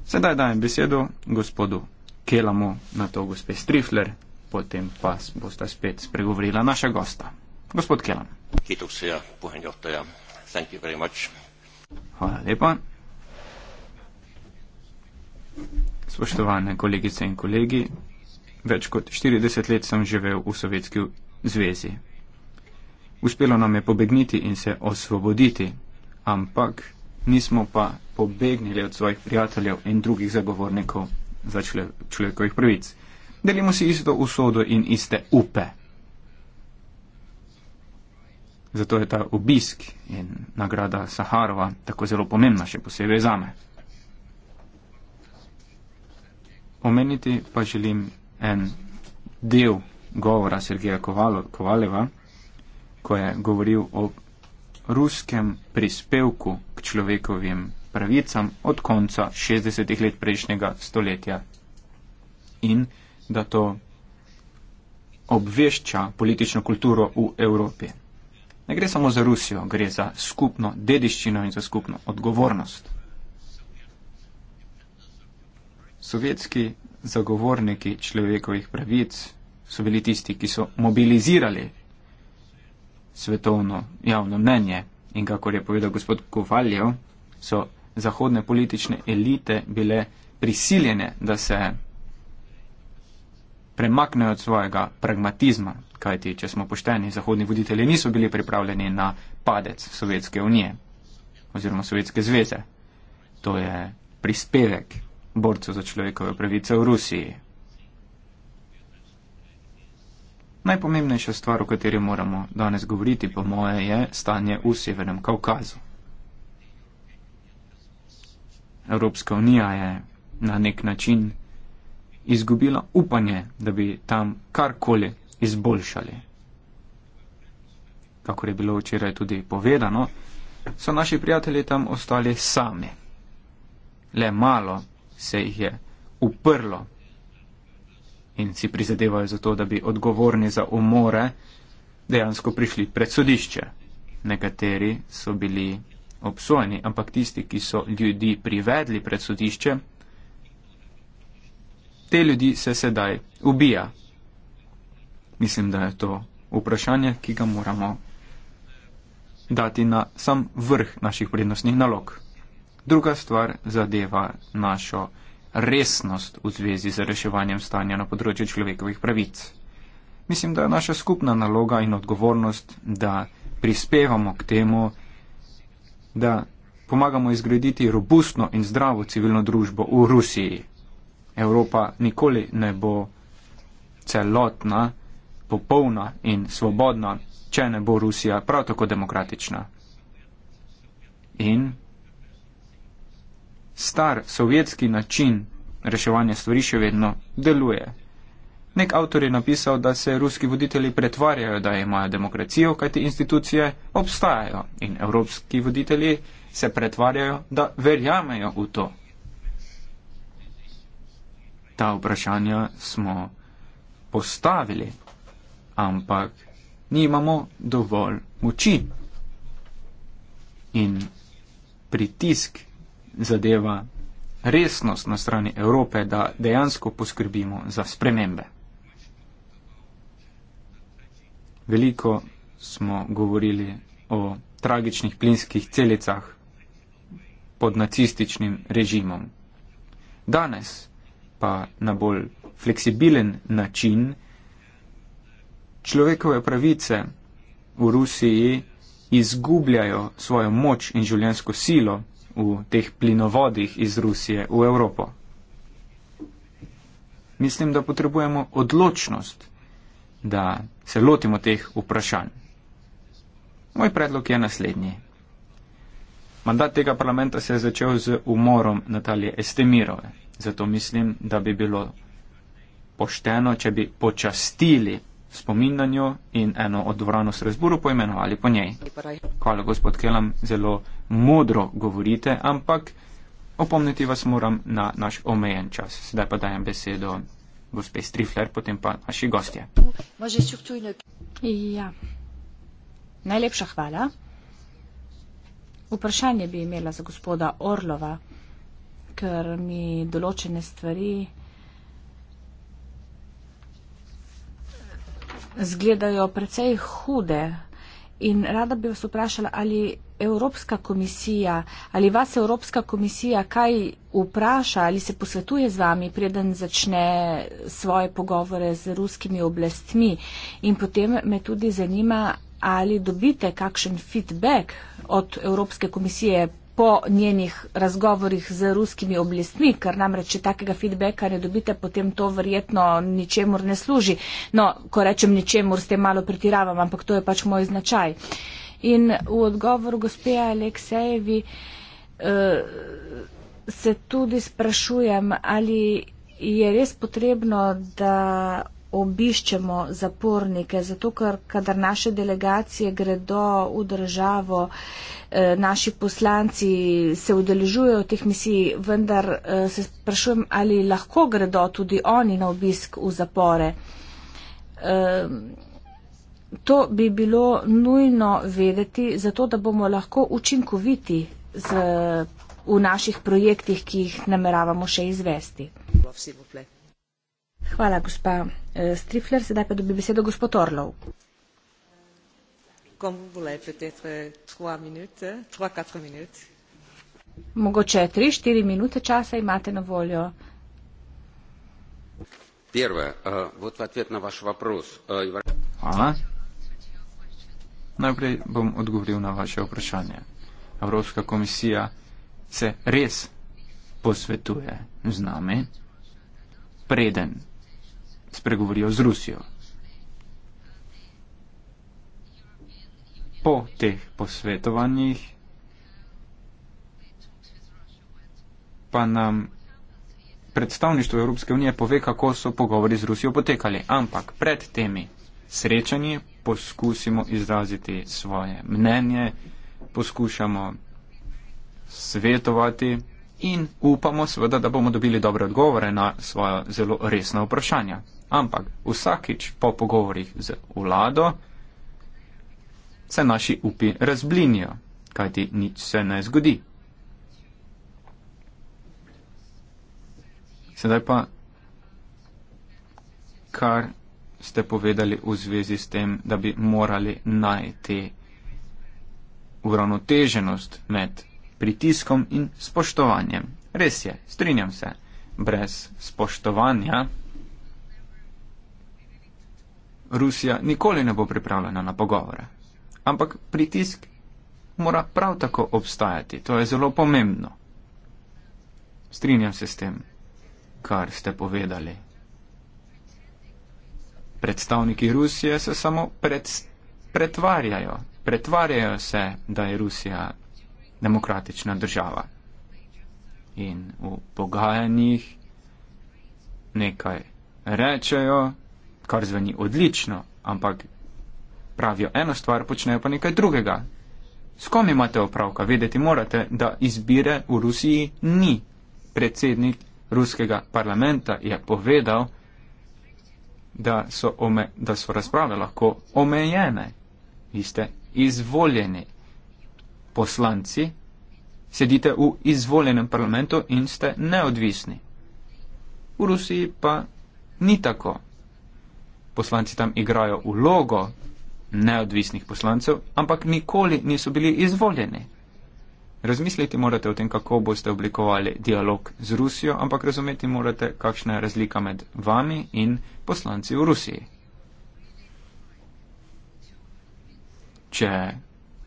Sedaj dajem besedo gospodu Kelamu, na to gospe Strifler, potem pa bosta spet spregovorila naša gosta. Gospod Kelam. Hvala lepa. Spoštovane kolegice in kolegi, več kot 40 let sem živel v Sovjetski zvezi. Uspelo nam je pobegniti in se osvoboditi, ampak nismo pa pobegnili od svojih prijateljev in drugih zagovornikov za člo, človekovih pravic. Delimo si isto usodo in iste upe. Zato je ta obisk in nagrada Saharova tako zelo pomembna, še posebej za me. Omeniti pa želim en del govora Sergeja Kovalo, Kovaleva, ko je govoril o ruskem prispevku k človekovim pravicam od konca 60-ih let prejšnjega stoletja in da to obvešča politično kulturo v Evropi. Ne gre samo za Rusijo, gre za skupno dediščino in za skupno odgovornost. Sovjetski zagovorniki človekovih pravic so bili tisti, ki so mobilizirali svetovno javno mnenje. In kakor je povedal gospod Kovaljev, so zahodne politične elite bile prisiljene, da se premaknejo od svojega pragmatizma, kajti, če smo pošteni, zahodni voditelji niso bili pripravljeni na padec Sovjetske unije oziroma Sovjetske zveze. To je prispevek borcev za človekove pravice v Rusiji, Najpomembnejša stvar, o kateri moramo danes govoriti, po moje, je stanje v Severnem Kaukazu. Evropska unija je na nek način izgubila upanje, da bi tam karkoli izboljšali. Kako je bilo včeraj tudi povedano, so naši prijatelji tam ostali sami. Le malo se jih je uprlo in si prizadevajo za to, da bi odgovorni za umore dejansko prišli pred sodišče. Nekateri so bili obsojeni, ampak tisti, ki so ljudi privedli pred sodišče, te ljudi se sedaj ubija. Mislim, da je to vprašanje, ki ga moramo dati na sam vrh naših prednostnih nalog. Druga stvar zadeva našo resnost v zvezi z reševanjem stanja na področju človekovih pravic. Mislim, da je naša skupna naloga in odgovornost, da prispevamo k temu, da pomagamo izgraditi robustno in zdravo civilno družbo v Rusiji. Evropa nikoli ne bo celotna, popolna in svobodna, če ne bo Rusija prav tako demokratična. In star sovjetski način reševanja stvari še vedno deluje. Nek avtor je napisal, da se ruski voditelji pretvarjajo, da imajo demokracijo, kajti institucije obstajajo in evropski voditelji se pretvarjajo, da verjamejo v to. Ta vprašanja smo postavili, ampak nimamo dovolj moči. In pritisk zadeva resnost na strani Evrope, da dejansko poskrbimo za spremembe. Veliko smo govorili o tragičnih plinskih celicah pod nacističnim režimom. Danes pa na bolj fleksibilen način človekove pravice v Rusiji izgubljajo svojo moč in življensko silo, v teh plinovodih iz Rusije v Evropo. Mislim, da potrebujemo odločnost, da se lotimo teh vprašanj. Moj predlog je naslednji. Mandat tega parlamenta se je začel z umorom Natalije Estemirove. Zato mislim, da bi bilo pošteno, če bi počastili spomin na njo in eno od dvorano v Strasburu poimenovali po njej. Hvala, gospod Kelam, zelo modro govorite, ampak opomniti vas moram na naš omejen čas. Sedaj pa dajem besedo gospe Strifler, potem pa naši gostje. Ja. Najlepša hvala. Vprašanje bi imela za gospoda Orlova, ker mi določene stvari zgledajo precej hude. In rada bi vas vprašala, ali Evropska komisija, ali vas Evropska komisija kaj vpraša ali se posvetuje z vami, preden začne svoje pogovore z ruskimi oblastmi. In potem me tudi zanima, ali dobite kakšen feedback od Evropske komisije po njenih razgovorih z ruskimi oblastmi, ker namreč, če takega feedbacka ne dobite, potem to verjetno ničemur ne služi. No, ko rečem ničemur, ste malo pretiravam, ampak to je pač moj značaj. In v odgovoru gospeja Aleksejevi eh, se tudi sprašujem, ali je res potrebno, da obiščemo zapornike, zato ker kadar naše delegacije gredo v državo, eh, naši poslanci se udeležujejo v teh misij, vendar eh, se sprašujem, ali lahko gredo tudi oni na obisk v zapore. Ehm, to bi bilo nujno vedeti, zato da bomo lahko učinkoviti z, v naših projektih, ki jih nameravamo še izvesti. Vsi v plek. Hvala, gospa eh, Strifler. Sedaj pa dobi besedo gospod Orlov. Euh, euh, Mogoče tri, štiri minute časa imate na voljo. Первое. Э, вот в ответ на ваш вопрос. Ага. Э, Najprej bom odgovoril na vaše vprašanje. Evropska komisija se res posvetuje z nami, preden spregovorijo z Rusijo. Po teh posvetovanjih pa nam predstavništvo Evropske unije pove, kako so pogovori z Rusijo potekali. Ampak pred temi srečanji poskusimo izraziti svoje mnenje, poskušamo svetovati in upamo seveda, da bomo dobili dobre odgovore na svoje zelo resne vprašanja. Ampak vsakič po pogovorih z vlado se naši upi razblinijo, kajti nič se ne zgodi. Sedaj pa, kar ste povedali v zvezi s tem, da bi morali najti uravnoteženost med pritiskom in spoštovanjem. Res je, strinjam se, brez spoštovanja. Rusija nikoli ne bo pripravljena na pogovore. Ampak pritisk mora prav tako obstajati. To je zelo pomembno. Strinjam se s tem, kar ste povedali. Predstavniki Rusije se samo pred, pretvarjajo. Pretvarjajo se, da je Rusija demokratična država. In v pogajanjih nekaj rečejo, kar zveni odlično, ampak pravijo eno stvar, počnejo pa nekaj drugega. S kom imate opravka? Vedeti morate, da izbire v Rusiji ni. Predsednik ruskega parlamenta je povedal, da so, ome, da so razprave lahko omejene. Vi ste izvoljeni poslanci, sedite v izvoljenem parlamentu in ste neodvisni. V Rusiji pa ni tako poslanci tam igrajo vlogo neodvisnih poslancev, ampak nikoli niso bili izvoljeni. Razmisliti morate o tem, kako boste oblikovali dialog z Rusijo, ampak razumeti morate, kakšna je razlika med vami in poslanci v Rusiji. Če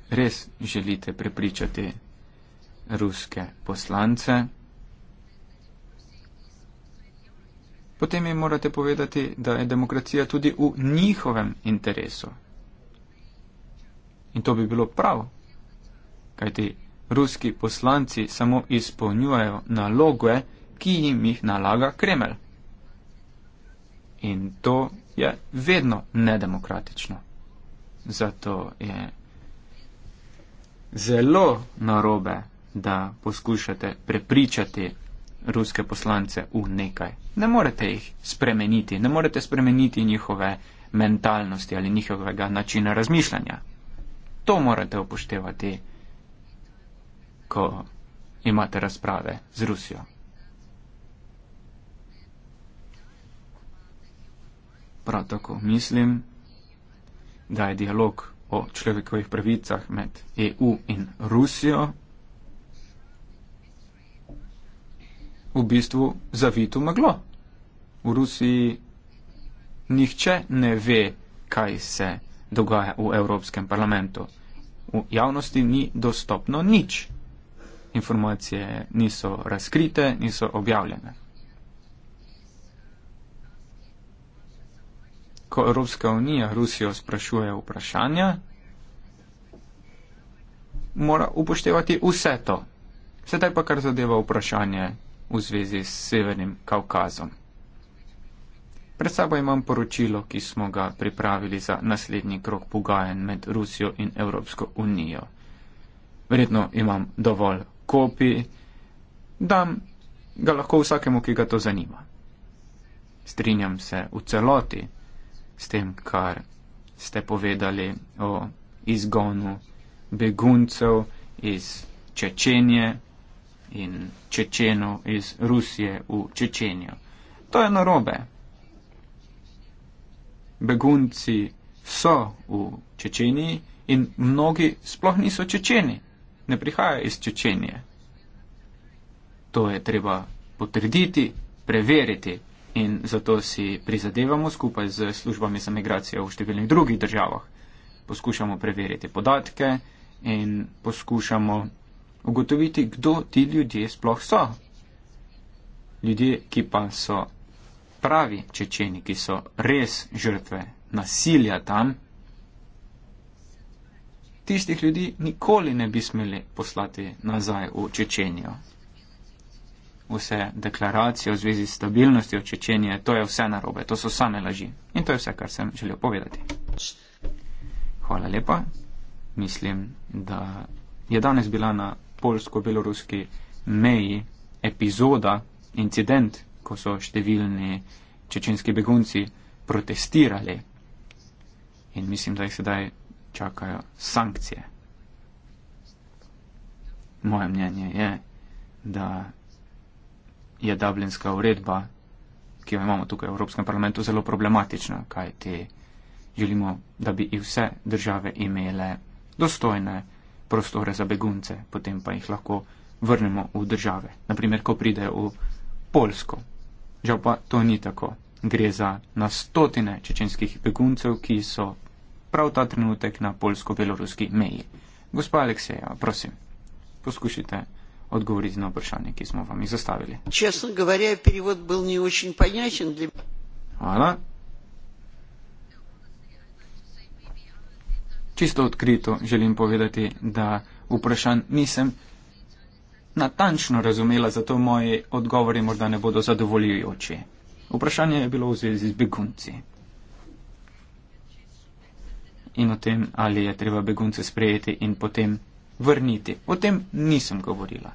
res želite prepričati ruske poslance, potem jim morate povedati, da je demokracija tudi v njihovem interesu. In to bi bilo prav, kajti ruski poslanci samo izpolnjujejo naloge, ki jim jih nalaga Kremelj. In to je vedno nedemokratično. Zato je zelo narobe, da poskušate prepričati ruske poslance v nekaj. Ne morete jih spremeniti, ne morete spremeniti njihove mentalnosti ali njihovega načina razmišljanja. To morate upoštevati, ko imate razprave z Rusijo. Prav tako mislim, da je dialog o človekovih pravicah med EU in Rusijo v bistvu zavit v meglo. V Rusiji nihče ne ve, kaj se dogaja v Evropskem parlamentu. V javnosti ni dostopno nič. Informacije niso razkrite, niso objavljene. Ko Evropska unija Rusijo sprašuje vprašanja, mora upoštevati vse to. Sedaj pa kar zadeva vprašanje v zvezi s Severnim Kaukazom. Pred sabo imam poročilo, ki smo ga pripravili za naslednji krok pogajanj med Rusijo in Evropsko unijo. Verjetno imam dovolj kopij, da ga lahko vsakemu, ki ga to zanima. Strinjam se v celoti s tem, kar ste povedali o izgonu beguncev iz Čečenije, in Čečenu iz Rusije v Čečenijo. To je narobe. Begunci so v Čečeniji in mnogi sploh niso Čečeni, ne prihajajo iz Čečenije. To je treba potrditi, preveriti in zato si prizadevamo skupaj z službami za migracijo v številnih drugih državah. Poskušamo preveriti podatke in poskušamo ugotoviti, kdo ti ljudje sploh so. Ljudje, ki pa so pravi čečeni, ki so res žrtve nasilja tam, tistih ljudi nikoli ne bi smeli poslati nazaj v Čečenijo. Vse deklaracije v zvezi s stabilnostjo Čečenije, to je vse narobe, to so same laži. In to je vse, kar sem želel povedati. Hvala lepa. Mislim, da je danes bila na polsko-beloruski meji epizoda, incident, ko so številni čečenski begunci protestirali. In mislim, da jih sedaj čakajo sankcije. Moje mnenje je, da je Dublinska uredba, ki jo imamo tukaj v Evropskem parlamentu, zelo problematična, kaj ti želimo, da bi vse države imele dostojne prostore za begunce, potem pa jih lahko vrnemo v države. Naprimer, ko pridejo v Polsko. Žal pa to ni tako. Gre za na stotine čečenskih beguncev, ki so prav ta trenutek na polsko-beloruski meji. Gospa Alekseja, prosim, poskušajte odgovoriti na vprašanje, ki smo vam jih zastavili. Hvala. čisto odkrito želim povedati, da vprašanj nisem natančno razumela, zato moji odgovori morda ne bodo zadovoljujoči. Vprašanje je bilo v zvezi z begunci in o tem, ali je treba begunce sprejeti in potem vrniti. O tem nisem govorila.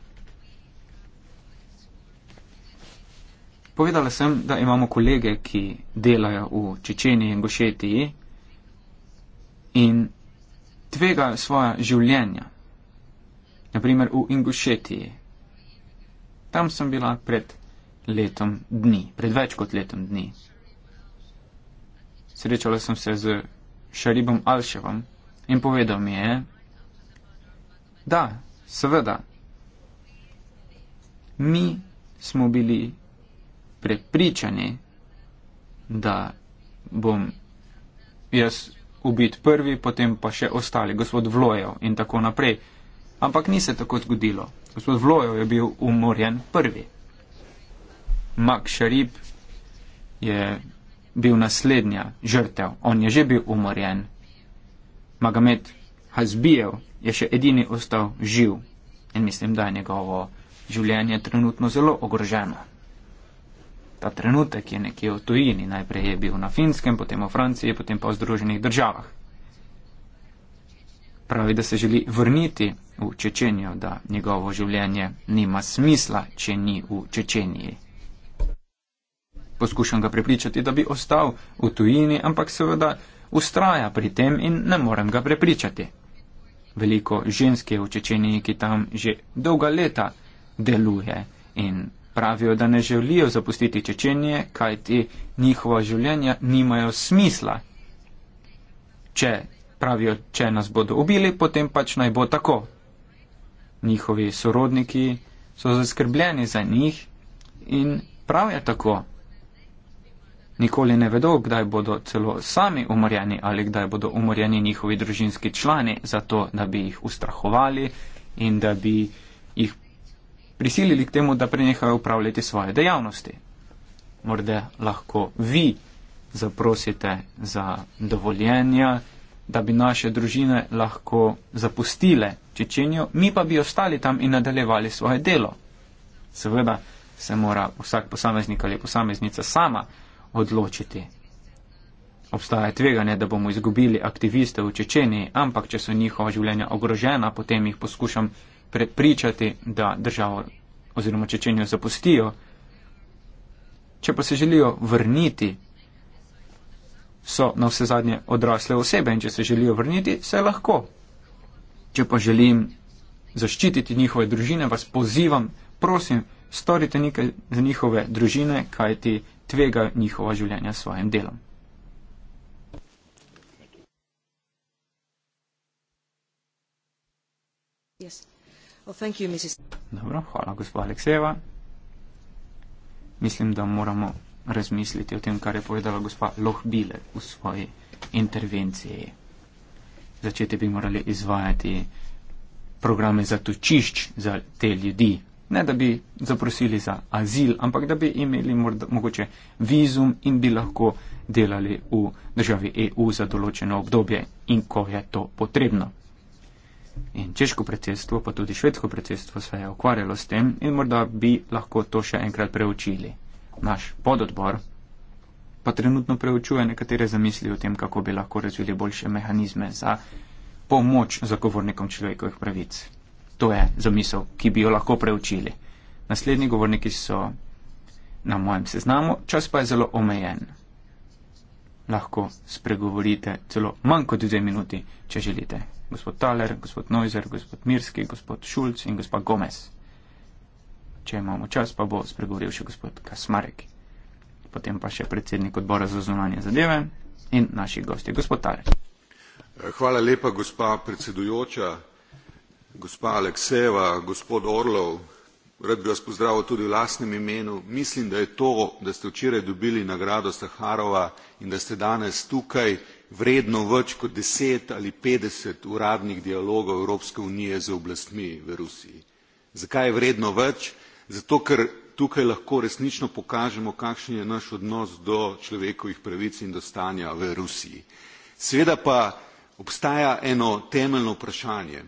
Povedala sem, da imamo kolege, ki delajo v Čečeniji in Gošetiji in tvegajo svoja življenja. Naprimer v Ingušetiji. Tam sem bila pred letom dni, pred več kot letom dni. Srečala sem se z Šaribom Alševom in povedal mi je, da, seveda, mi smo bili prepričani, da bom jaz ubit prvi, potem pa še ostali, gospod Vlojev in tako naprej. Ampak ni se tako zgodilo. Gospod Vlojev je bil umorjen prvi. Mak Šarib je bil naslednja žrtev, on je že bil umorjen. Magamed Hazbijev je še edini ostal živ in mislim, da je njegovo življenje trenutno zelo ogroženo ta trenutek je nekje v tujini. Najprej je bil na Finskem, potem v Franciji, potem pa v Združenih državah. Pravi, da se želi vrniti v Čečenijo, da njegovo življenje nima smisla, če ni v Čečeniji. Poskušam ga prepričati, da bi ostal v tujini, ampak seveda ustraja pri tem in ne morem ga prepričati. Veliko ženske v Čečeniji, ki tam že dolga leta deluje in Pravijo, da ne želijo zapustiti Čečenije, kajti njihova življenja nimajo smisla. Če pravijo, če nas bodo ubili, potem pač naj bo tako. Njihovi sorodniki so zaskrbljeni za njih in prav je tako. Nikoli ne vedo, kdaj bodo celo sami umorjeni ali kdaj bodo umorjeni njihovi družinski člani, zato da bi jih ustrahovali in da bi jih prisilili k temu, da prenehajo upravljati svoje dejavnosti. Morda lahko vi zaprosite za dovoljenja, da bi naše družine lahko zapustile Čečenijo, mi pa bi ostali tam in nadaljevali svoje delo. Seveda se mora vsak posameznik ali posameznica sama odločiti. Obstaja tveganje, da bomo izgubili aktiviste v Čečeniji, ampak če so njihova življenja ogrožena, potem jih poskušam prepričati, da državo oziroma Čečenijo zapustijo. Če pa se želijo vrniti, so na vse zadnje odrasle osebe in če se želijo vrniti, se lahko. Če pa želim zaščititi njihove družine, vas pozivam, prosim, storite nekaj za njihove družine, kaj ti tvega njihova življenja s svojim delom. Yes. Dobro, hvala, gospod Alekseva. Mislim, da moramo razmisliti o tem, kar je povedala gospa Lohbile v svoji intervenciji. Začeti bi morali izvajati programe za točišč za te ljudi. Ne, da bi zaprosili za azil, ampak da bi imeli morda, mogoče vizum in bi lahko delali v državi EU za določeno obdobje in ko je to potrebno. In češko predsedstvo, pa tudi švedsko predsedstvo se je ukvarjalo s tem in morda bi lahko to še enkrat preučili. Naš pododbor pa trenutno preučuje nekatere zamisli o tem, kako bi lahko razvili boljše mehanizme za pomoč zagovornikom človekovih pravic. To je zamisel, ki bi jo lahko preučili. Naslednji govorniki so na mojem seznamu, čas pa je zelo omejen lahko spregovorite celo manj kot dve minuti, če želite. Gospod Taler, gospod Neuser, gospod Mirski, gospod Šulc in gospod Gomez. Če imamo čas, pa bo spregovoril še gospod Kasmarek. Potem pa še predsednik odbora za zunanje zadeve in naši gosti. Gospod Taler. Hvala lepa, gospa predsedujoča, gospa Alekseva, gospod Orlov. Rad bi vas pozdravil tudi v lastnem imenu. Mislim, da je to, da ste včeraj dobili nagrado Saharova in da ste danes tukaj vredno več kot deset ali petdeset uradnih dialogov Evropske unije z oblastmi v Rusiji. Zakaj je vredno več? Zato, ker tukaj lahko resnično pokažemo, kakšen je naš odnos do človekovih pravic in do stanja v Rusiji. Seveda pa obstaja eno temeljno vprašanje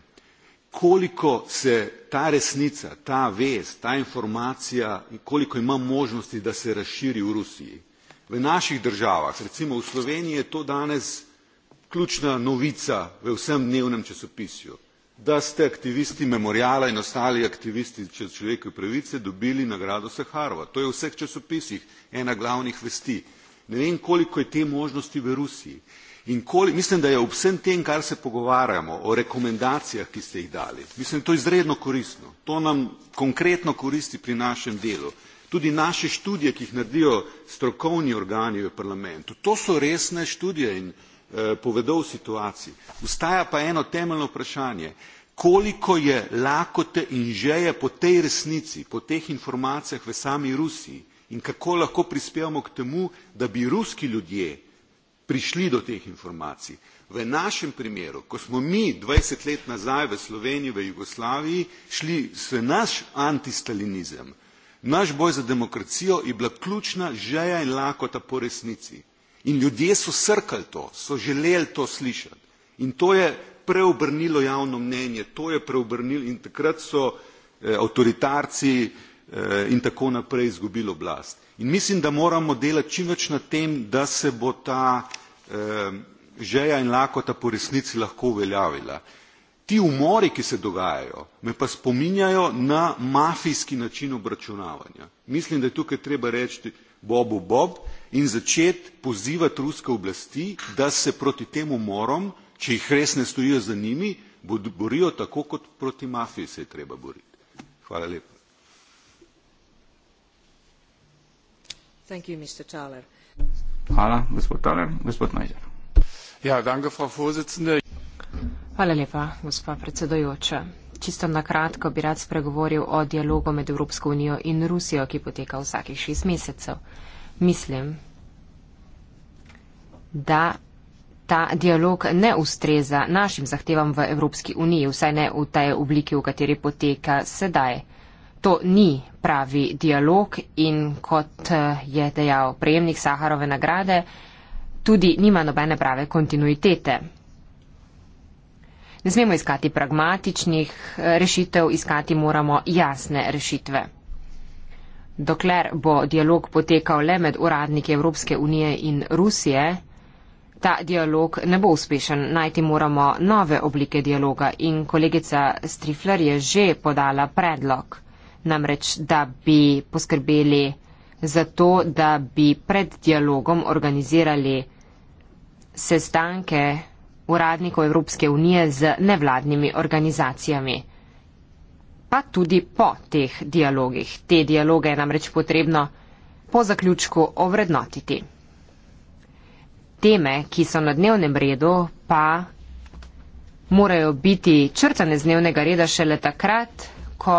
koliko se ta resnica, ta vest, ta informacija, koliko ima možnosti, da se razširi v Rusiji. V naših državah, recimo v Sloveniji, je to danes ključna novica v vsem dnevnem časopisju, da ste aktivisti memoriala in ostali aktivisti človekove pravice dobili nagrado Saharova. To je v vseh časopisih ena glavnih vesti. Ne vem, koliko je te možnosti v Rusiji. In koli, mislim, da je ob vsem tem, kar se pogovarjamo, o rekomendacijah, ki ste jih dali, mislim, da je to izredno koristno. To nam konkretno koristi pri našem delu. Tudi naše študije, ki jih naredijo strokovni organi v parlamentu, to so resne študije in eh, povedo v situaciji. Ustaja pa eno temeljno vprašanje, koliko je lakote in želje po tej resnici, po teh informacijah v sami Rusiji in kako lahko prispevamo k temu, da bi ruski ljudje prišli do teh informacij. V našem primeru, ko smo mi dvajset let nazaj v Sloveniji, v Jugoslaviji, šli se naš antistalinizem, naš boj za demokracijo je bila ključna želja in lakota po resnici. In ljudje so srkali to, so želeli to slišati. In to je preobrnilo javno mnenje, to je preobrnilo in takrat so eh, avtoritarci eh, in tako naprej izgubili oblast. In mislim, da moramo delati čim več na tem, da se bo ta Ehm, žeja in lakota po resnici lahko uveljavila. Ti umori, ki se dogajajo, me pa spominjajo na mafijski način obračunavanja. Mislim, da je tukaj treba reči Bobu Bob in začeti pozivati ruske oblasti, da se proti tem umorom, če jih res ne stojijo za njimi, borijo tako, kot proti mafiji se je treba boriti. Hvala lepa. Thank you, Mr. Taller. Hvala, gospod Taler. Gospod Majzer. Ja, danke, frau Vorsitzende. Hvala lepa, gospa predsedojoča. Čisto na kratko bi rad spregovoril o dialogu med Evropsko unijo in Rusijo, ki poteka vsakih šest mesecev. Mislim, da ta dialog ne ustreza našim zahtevam v Evropski uniji, vsaj ne v tej obliki, v kateri poteka sedaj to ni pravi dialog in kot eh, je dejal prejemnik Saharove nagrade, tudi nima nobene prave kontinuitete. Ne smemo iskati pragmatičnih eh, rešitev, iskati moramo jasne rešitve. Dokler bo dialog potekal le med uradniki Evropske unije in Rusije, ta dialog ne bo uspešen. Najti moramo nove oblike dialoga in kolegica Strifler je že podala predlog namreč da bi poskrbeli za to, da bi pred dialogom organizirali sestanke uradnikov Evropske unije z nevladnimi organizacijami. Pa tudi po teh dialogih. Te dialoge je namreč potrebno po zaključku ovrednotiti. Teme, ki so na dnevnem redu, pa morajo biti črtane z dnevnega reda šele takrat, ko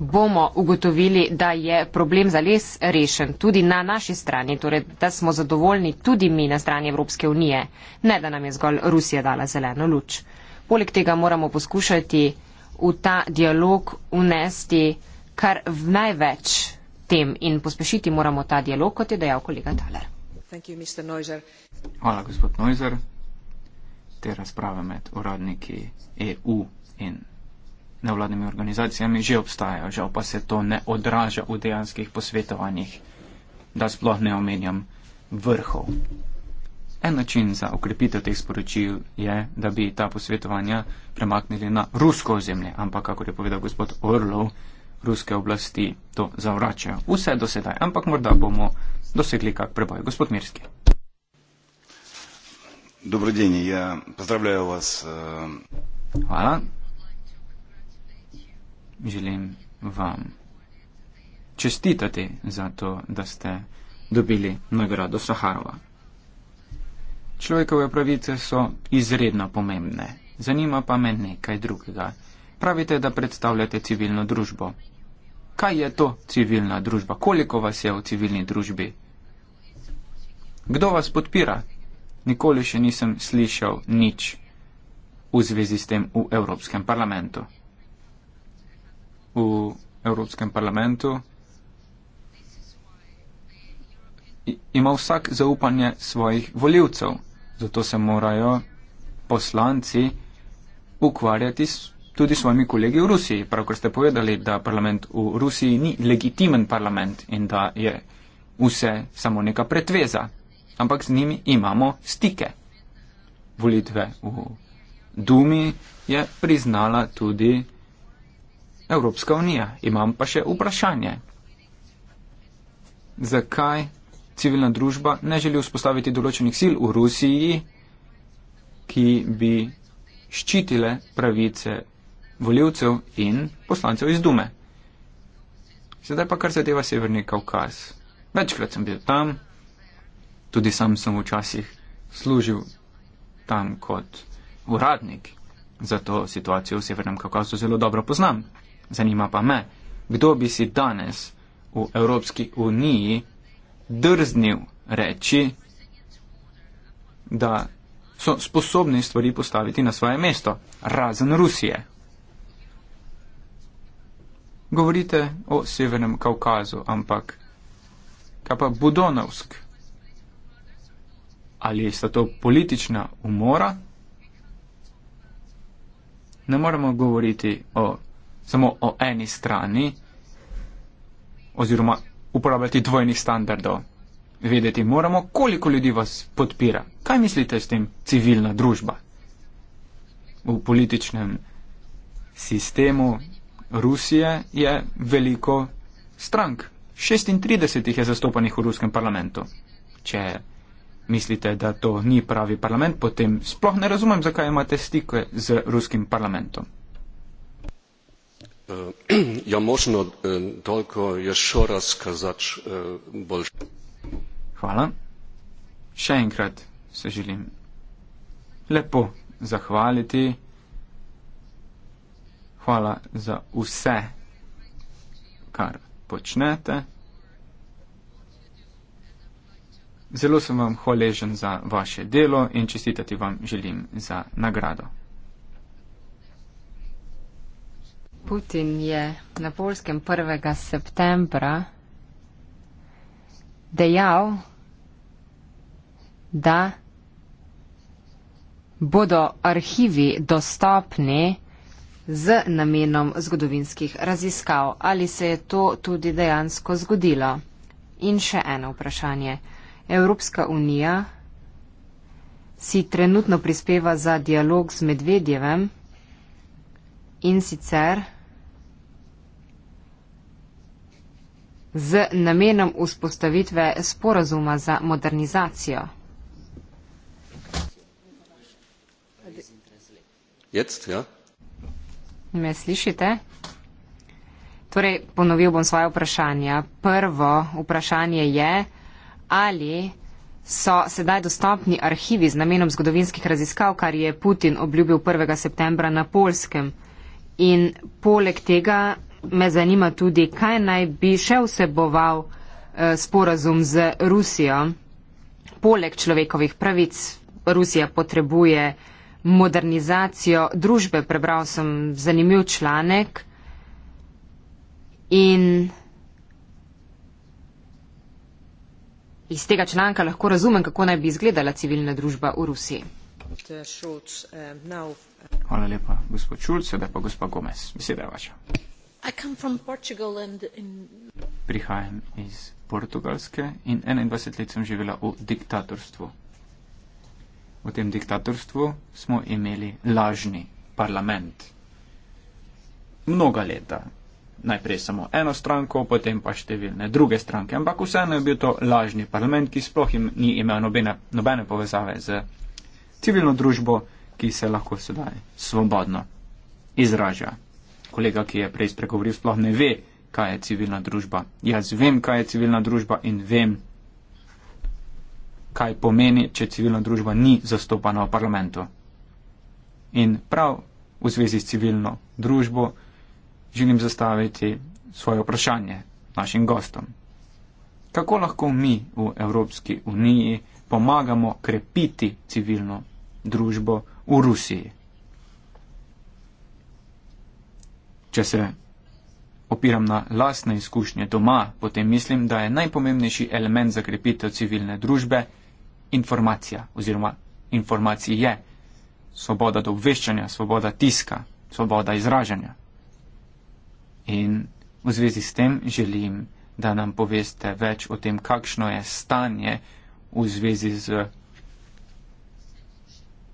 bomo ugotovili, da je problem za les rešen tudi na naši strani, torej da smo zadovoljni tudi mi na strani Evropske unije, ne da nam je zgolj Rusija dala zeleno luč. Poleg tega moramo poskušati v ta dialog unesti kar v največ tem in pospešiti moramo ta dialog, kot je dejal kolega Taler. Hvala, gospod Neuser. Te razprave med uradniki EU in nevladnimi organizacijami že obstajajo, žal pa se to ne odraža v dejanskih posvetovanjih, da sploh ne omenjam vrhov. En način za okrepitev teh sporočil je, da bi ta posvetovanja premaknili na rusko ozemlje, ampak, kako je povedal gospod Orlov, ruske oblasti to zavračajo. Vse do sedaj, ampak morda bomo dosegli kak preboj. Gospod Mirski. Dobro dan, ja pozdravljam vas. Eh, Hvala želim vam čestitati za to, da ste dobili nagrado Saharova. Človekove pravice so izredno pomembne, zanima pa me nekaj drugega. Pravite, da predstavljate civilno družbo. Kaj je to civilna družba? Koliko vas je v civilni družbi? Kdo vas podpira? Nikoli še nisem slišal nič v zvezi s tem v Evropskem parlamentu v Evropskem parlamentu. Ima vsak zaupanje svojih voljivcev, zato se morajo poslanci ukvarjati s, tudi s svojimi kolegi v Rusiji. Pravkar ste povedali, da parlament v Rusiji ni legitimen parlament in da je vse samo neka pretveza, ampak z njimi imamo stike. Volitve v Dumi je priznala tudi. Evropska unija. Imam pa še vprašanje. Zakaj civilna družba ne želi vzpostaviti določenih sil v Rusiji, ki bi ščitile pravice voljivcev in poslancev iz Dume? Sedaj pa kar zadeva Severni Kaukaz. Večkrat sem bil tam, tudi sam sem včasih služil tam kot uradnik. Zato situacijo v Severnem Kaukazu zelo dobro poznam. Zanima pa me, kdo bi si danes v Evropski uniji drznil reči, da so sposobni stvari postaviti na svoje mesto, razen Rusije. Govorite o Severnem Kaukazu, ampak kaj pa Budonovsk? Ali sta to politična umora? Ne moremo govoriti o samo o eni strani, oziroma uporabljati dvojnih standardov. Vedeti moramo, koliko ljudi vas podpira. Kaj mislite s tem civilna družba? V političnem sistemu Rusije je veliko strank. 36 jih je zastopanih v ruskem parlamentu. Če mislite, da to ni pravi parlament, potem sploh ne razumem, zakaj imate stike z ruskim parlamentom. Ja e, e, Hvala. Še enkrat se želim lepo zahvaliti. Hvala za vse, kar počnete. Zelo sem vam hvaležen za vaše delo in čestitati vam želim za nagrado. Putin je na polskem 1. septembra dejal, da bodo arhivi dostopni z namenom zgodovinskih raziskav. Ali se je to tudi dejansko zgodilo? In še eno vprašanje. Evropska unija si trenutno prispeva za dialog z Medvedjevem in sicer z namenom vzpostavitve sporazuma za modernizacijo. Jetzt, ja. Me slišite? Torej, ponovil bom svoje vprašanja. Prvo vprašanje je, ali so sedaj dostopni arhivi z namenom zgodovinskih raziskav, kar je Putin obljubil 1. septembra na Polskem. In poleg tega me zanima tudi, kaj naj bi še vseboval eh, sporazum z Rusijo. Poleg človekovih pravic Rusija potrebuje modernizacijo družbe. Prebral sem zanimiv članek in iz tega članka lahko razumem, kako naj bi izgledala civilna družba v Rusiji. Uh, um, uh, Hvala lepa, gospod Šulc. Sedaj pa gospa Gomez. Beseda je vaša. Prihajam iz Portugalske in 21 let sem živela v diktatorstvu. V tem diktatorstvu smo imeli lažni parlament. Mnoga leta. Najprej samo eno stranko, potem pa številne druge stranke. Ampak vseeno je bil to lažni parlament, ki sploh im, ni imel nobene, nobene povezave z civilno družbo, ki se lahko sedaj svobodno izraža. Kolega, ki je prej spregovoril, sploh ne ve, kaj je civilna družba. Jaz vem, kaj je civilna družba in vem, kaj pomeni, če civilna družba ni zastopana v parlamentu. In prav v zvezi s civilno družbo želim zastaviti svoje vprašanje našim gostom. Kako lahko mi v Evropski uniji pomagamo krepiti civilno družbo v Rusiji. Če se opiram na lastne izkušnje doma, potem mislim, da je najpomembnejši element za krepitev civilne družbe informacija oziroma informacij je svoboda do obveščanja, svoboda tiska, svoboda izražanja. In v zvezi s tem želim, da nam poveste več o tem, kakšno je stanje v zvezi z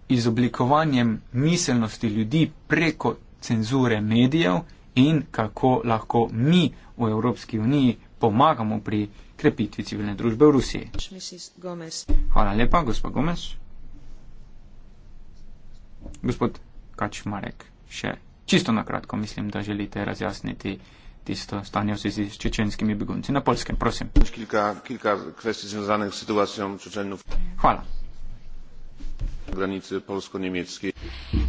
izoblikovanjem miselnosti ljudi preko cenzure medijev in kako lahko mi v Evropski uniji pomagamo pri krepitvi civilne družbe v Rusiji. Hvala lepa, gospod Gomes. Gospod Kačmarek, še čisto na kratko mislim, da želite razjasniti tisto stanje v zvezi s čečenskimi begunci na Polskem. Prosim. Hvala granice polsko nemeckej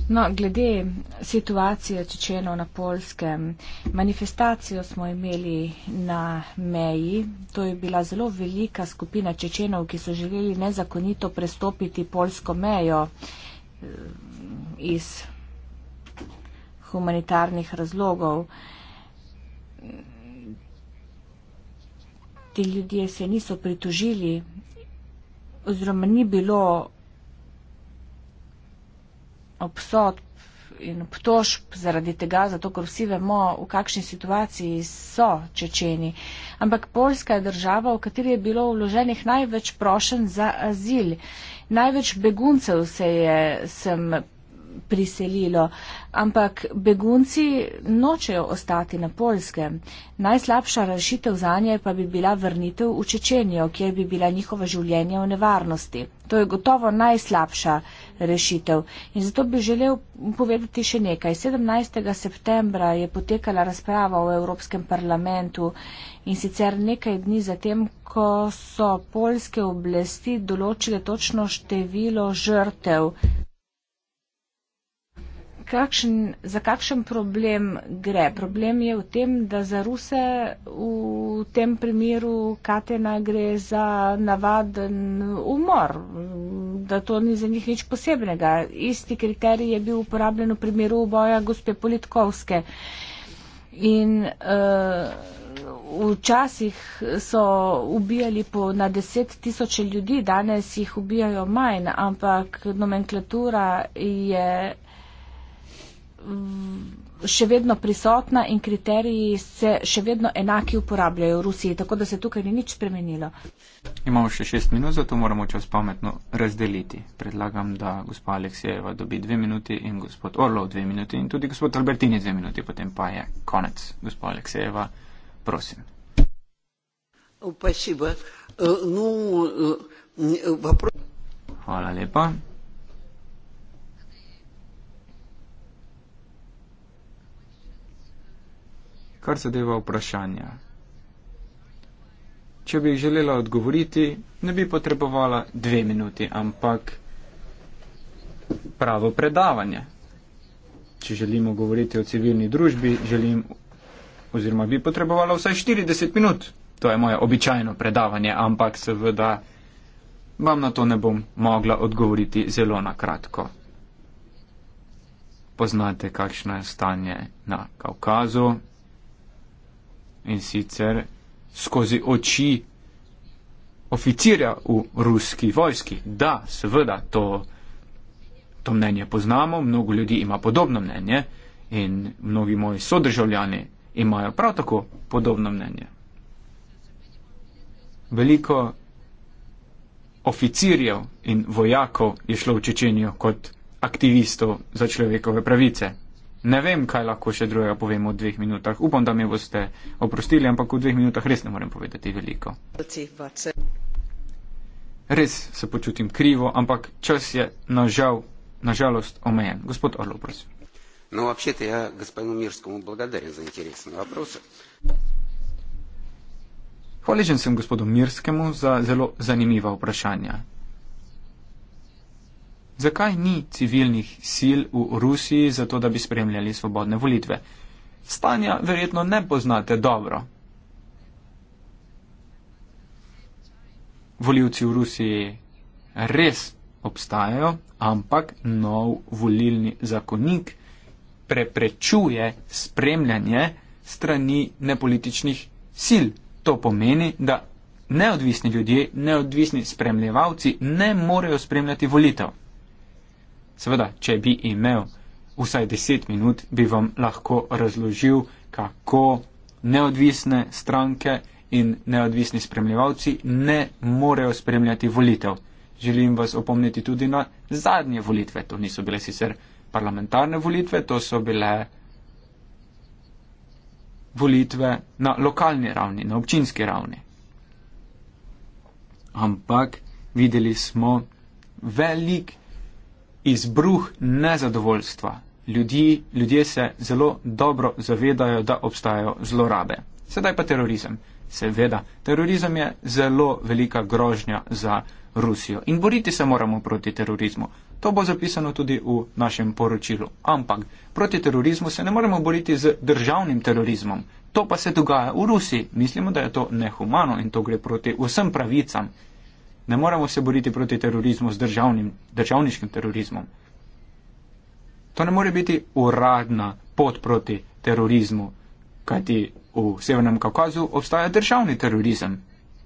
No, glede situacije Čečenov na Polskem, manifestacijo smo imeli na meji. To je bila zelo velika skupina Čečenov, ki so želeli nezakonito prestopiti polsko mejo eh, iz humanitarnih razlogov. Ti ljudje se niso pritožili, oziroma ni bilo obsodb in obtožb zaradi tega, zato ker vsi vemo, v kakšni situaciji so Čečeni. Ampak Poljska je država, v kateri je bilo vloženih največ prošen za azil. Največ beguncev se je sem priselilo, ampak begunci nočejo ostati na Poljskem. Najslabša rešitev za nje pa bi bila vrnitev v Čečenijo, kjer bi bila njihova življenja v nevarnosti. To je gotovo najslabša rešitev rešitev. In zato bi želel povedati še nekaj. 17. septembra je potekala razprava v Evropskem parlamentu in sicer nekaj dni zatem, ko so polske oblasti določile točno število žrtev kakšen, za kakšen problem gre? Problem je v tem, da za Ruse v tem primeru Katena gre za navaden umor, da to ni za njih nič posebnega. Isti kriterij je bil uporabljen v primeru uboja gospe Politkovske. In uh, včasih so ubijali po na deset tisoče ljudi, danes jih ubijajo manj, ampak nomenklatura je še vedno prisotna in kriteriji se še vedno enaki uporabljajo v Rusiji, tako da se tukaj ni nič spremenilo. Imamo še šest minut, zato moramo čas pametno razdeliti. Predlagam, da gospa Aleksejeva dobi dve minuti in gospod Orlov dve minuti in tudi gospod Albertini dve minuti, potem pa je konec. Gospa Aleksejeva, prosim. Eh, no, eh, eh, Hvala lepa. kar zadeva vprašanja. Če bi želela odgovoriti, ne bi potrebovala dve minuti, ampak pravo predavanje. Če želimo govoriti o civilni družbi, želim oziroma bi potrebovala vsaj 40 minut. To je moje običajno predavanje, ampak seveda vam na to ne bom mogla odgovoriti zelo na kratko. Poznate, kakšno je stanje na Kaukazu, in sicer skozi oči oficirja v ruski vojski. Da, seveda, to, to mnenje poznamo, mnogo ljudi ima podobno mnenje in mnogi moji sodržavljani imajo prav tako podobno mnenje. Veliko oficirjev in vojakov je šlo v Čečenijo kot aktivistov za človekove pravice ne vem, kaj lahko še drugega povem v dveh minutah. Upam, da mi boste oprostili, ampak v dveh minutah res ne morem povedati veliko. Res se počutim krivo, ampak čas je nažal, nažalost omejen. Gospod Orlov, prosim. No, vopšete, ja gospodinu Mirskomu blagodarim za interesen vprašanje. Hvaležen sem gospodu Mirskemu za zelo zanimiva vprašanja. Zakaj ni civilnih sil v Rusiji za to, da bi spremljali svobodne volitve? Stanja verjetno ne poznate dobro. Voljivci v Rusiji res obstajajo, ampak nov volilni zakonik preprečuje spremljanje strani nepolitičnih sil. To pomeni, da neodvisni ljudje, neodvisni spremljevalci ne morejo spremljati volitev. Seveda, če bi imel vsaj deset minut, bi vam lahko razložil, kako neodvisne stranke in neodvisni spremljevalci ne morejo spremljati volitev. Želim vas opomniti tudi na zadnje volitve. To niso bile sicer parlamentarne volitve, to so bile volitve na lokalni ravni, na občinski ravni. Ampak videli smo velik izbruh nezadovoljstva. Ljudje, ljudje se zelo dobro zavedajo, da obstajajo zlorabe. Sedaj pa terorizem. Seveda, terorizem je zelo velika grožnja za Rusijo in boriti se moramo proti terorizmu. To bo zapisano tudi v našem poročilu. Ampak proti terorizmu se ne moremo boriti z državnim terorizmom. To pa se dogaja v Rusiji. Mislimo, da je to nehumano in to gre proti vsem pravicam. Ne moramo se boriti proti terorizmu z državnim, državniškim terorizmom. To ne more biti uradna pot proti terorizmu, kajti v Severnem Kaukazu obstaja državni terorizem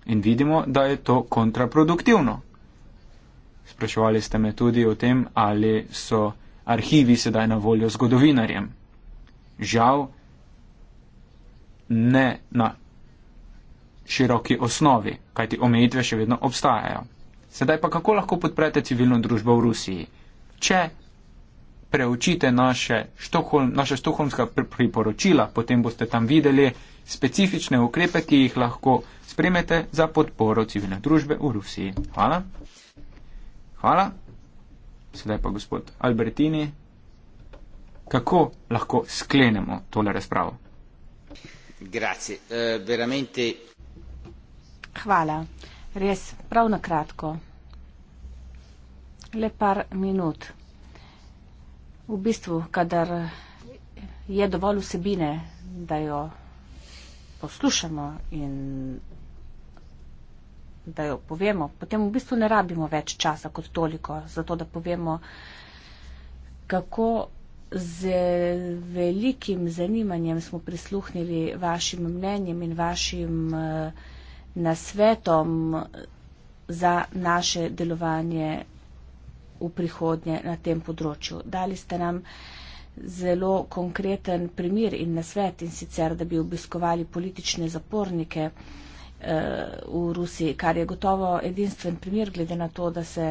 in vidimo, da je to kontraproduktivno. Spraševali ste me tudi o tem, ali so arhivi sedaj na voljo zgodovinarjem. Žal, ne na široki osnovi, kajti omejitve še vedno obstajajo. Sedaj pa kako lahko podprete civilno družbo v Rusiji? Če preučite naše, Štokholm, naše štokholmska priporočila, potem boste tam videli specifične ukrepe, ki jih lahko spremete za podporo civilne družbe v Rusiji. Hvala. Hvala. Sedaj pa gospod Albertini. Kako lahko sklenemo tole razpravo? Grazie, uh, veramente. Hvala. Res, prav na kratko. Le par minut. V bistvu, kadar je dovolj vsebine, da jo poslušamo in da jo povemo, potem v bistvu ne rabimo več časa kot toliko, zato da povemo, kako z velikim zanimanjem smo prisluhnili vašim mnenjem in vašim uh, nasvetom za naše delovanje v prihodnje na tem področju. Dali ste nam zelo konkreten primir in nasvet in sicer, da bi obiskovali politične zapornike eh, v Rusiji, kar je gotovo edinstven primer, glede na to, da se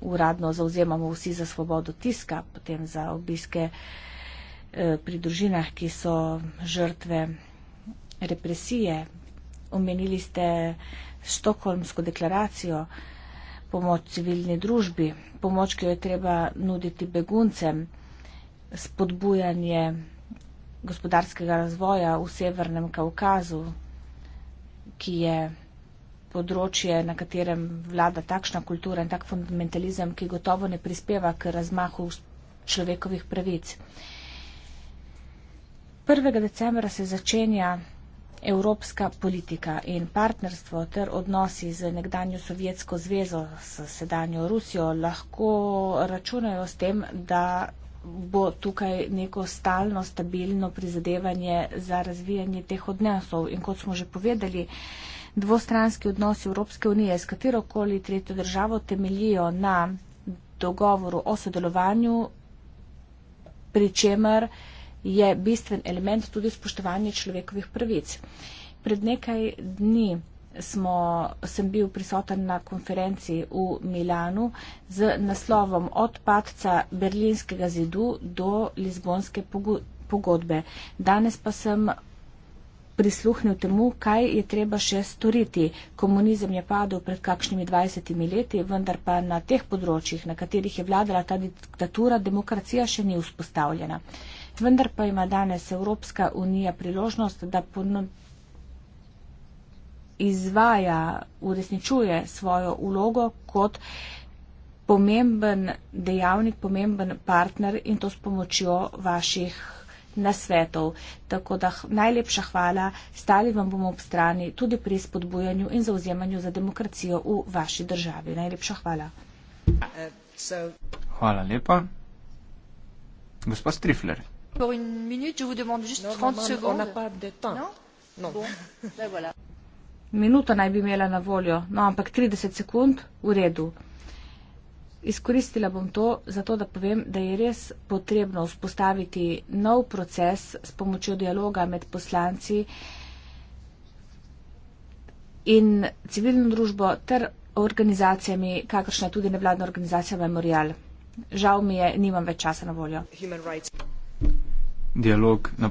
uradno zauzemamo vsi za svobodo tiska, potem za obiske eh, pri družinah, ki so žrtve represije, omenili ste Stokholmsko deklaracijo, pomoč civilni družbi, pomoč, ki jo je treba nuditi beguncem, spodbujanje gospodarskega razvoja v Severnem Kaukazu, ki je področje, na katerem vlada takšna kultura in tak fundamentalizem, ki gotovo ne prispeva k razmahu človekovih pravic. 1. decembra se začenja Evropska politika in partnerstvo ter odnosi z nekdanjo Sovjetsko zvezo, s sedanjo Rusijo, lahko računajo s tem, da bo tukaj neko stalno, stabilno prizadevanje za razvijanje teh odnosov. In kot smo že povedali, dvostranski odnosi Evropske unije s katerokoli tretjo državo temelijo na dogovoru o sodelovanju, pri čemer je bistven element tudi spoštovanje človekovih pravic. Pred nekaj dni smo, sem bil prisoten na konferenci v Milanu z naslovom Od padca berlinskega zidu do lizbonske pogodbe. Danes pa sem prisluhnil temu, kaj je treba še storiti. Komunizem je padel pred kakšnimi 20 leti, vendar pa na teh področjih, na katerih je vladala ta diktatura, demokracija še ni vzpostavljena. Uh, vendar pa ima danes Evropska unija priložnost, da izvaja, uresničuje svojo ulogo kot pomemben dejavnik, pomemben partner in to s pomočjo vaših nasvetov. Tako da najlepša hvala, stali vam bomo ob strani tudi pri spodbujanju in zauzemanju za demokracijo v vaši državi. Najlepša hvala. Uh, hvala lepa. Gospod Strifler pour une minute, je vous demande juste non, 30 non, secondes. On n'a pas de temps. Non Non. Bon. ben voilà. Minuto naj bi imela na voljo, no ampak 30 sekund v redu. Izkoristila bom to zato, da povem, da je res potrebno vzpostaviti nov proces s pomočjo dialoga med poslanci in civilno družbo ter organizacijami, kakršna tudi nevladna organizacija Memorial. Žal mi je, nimam več časa na voljo dialog na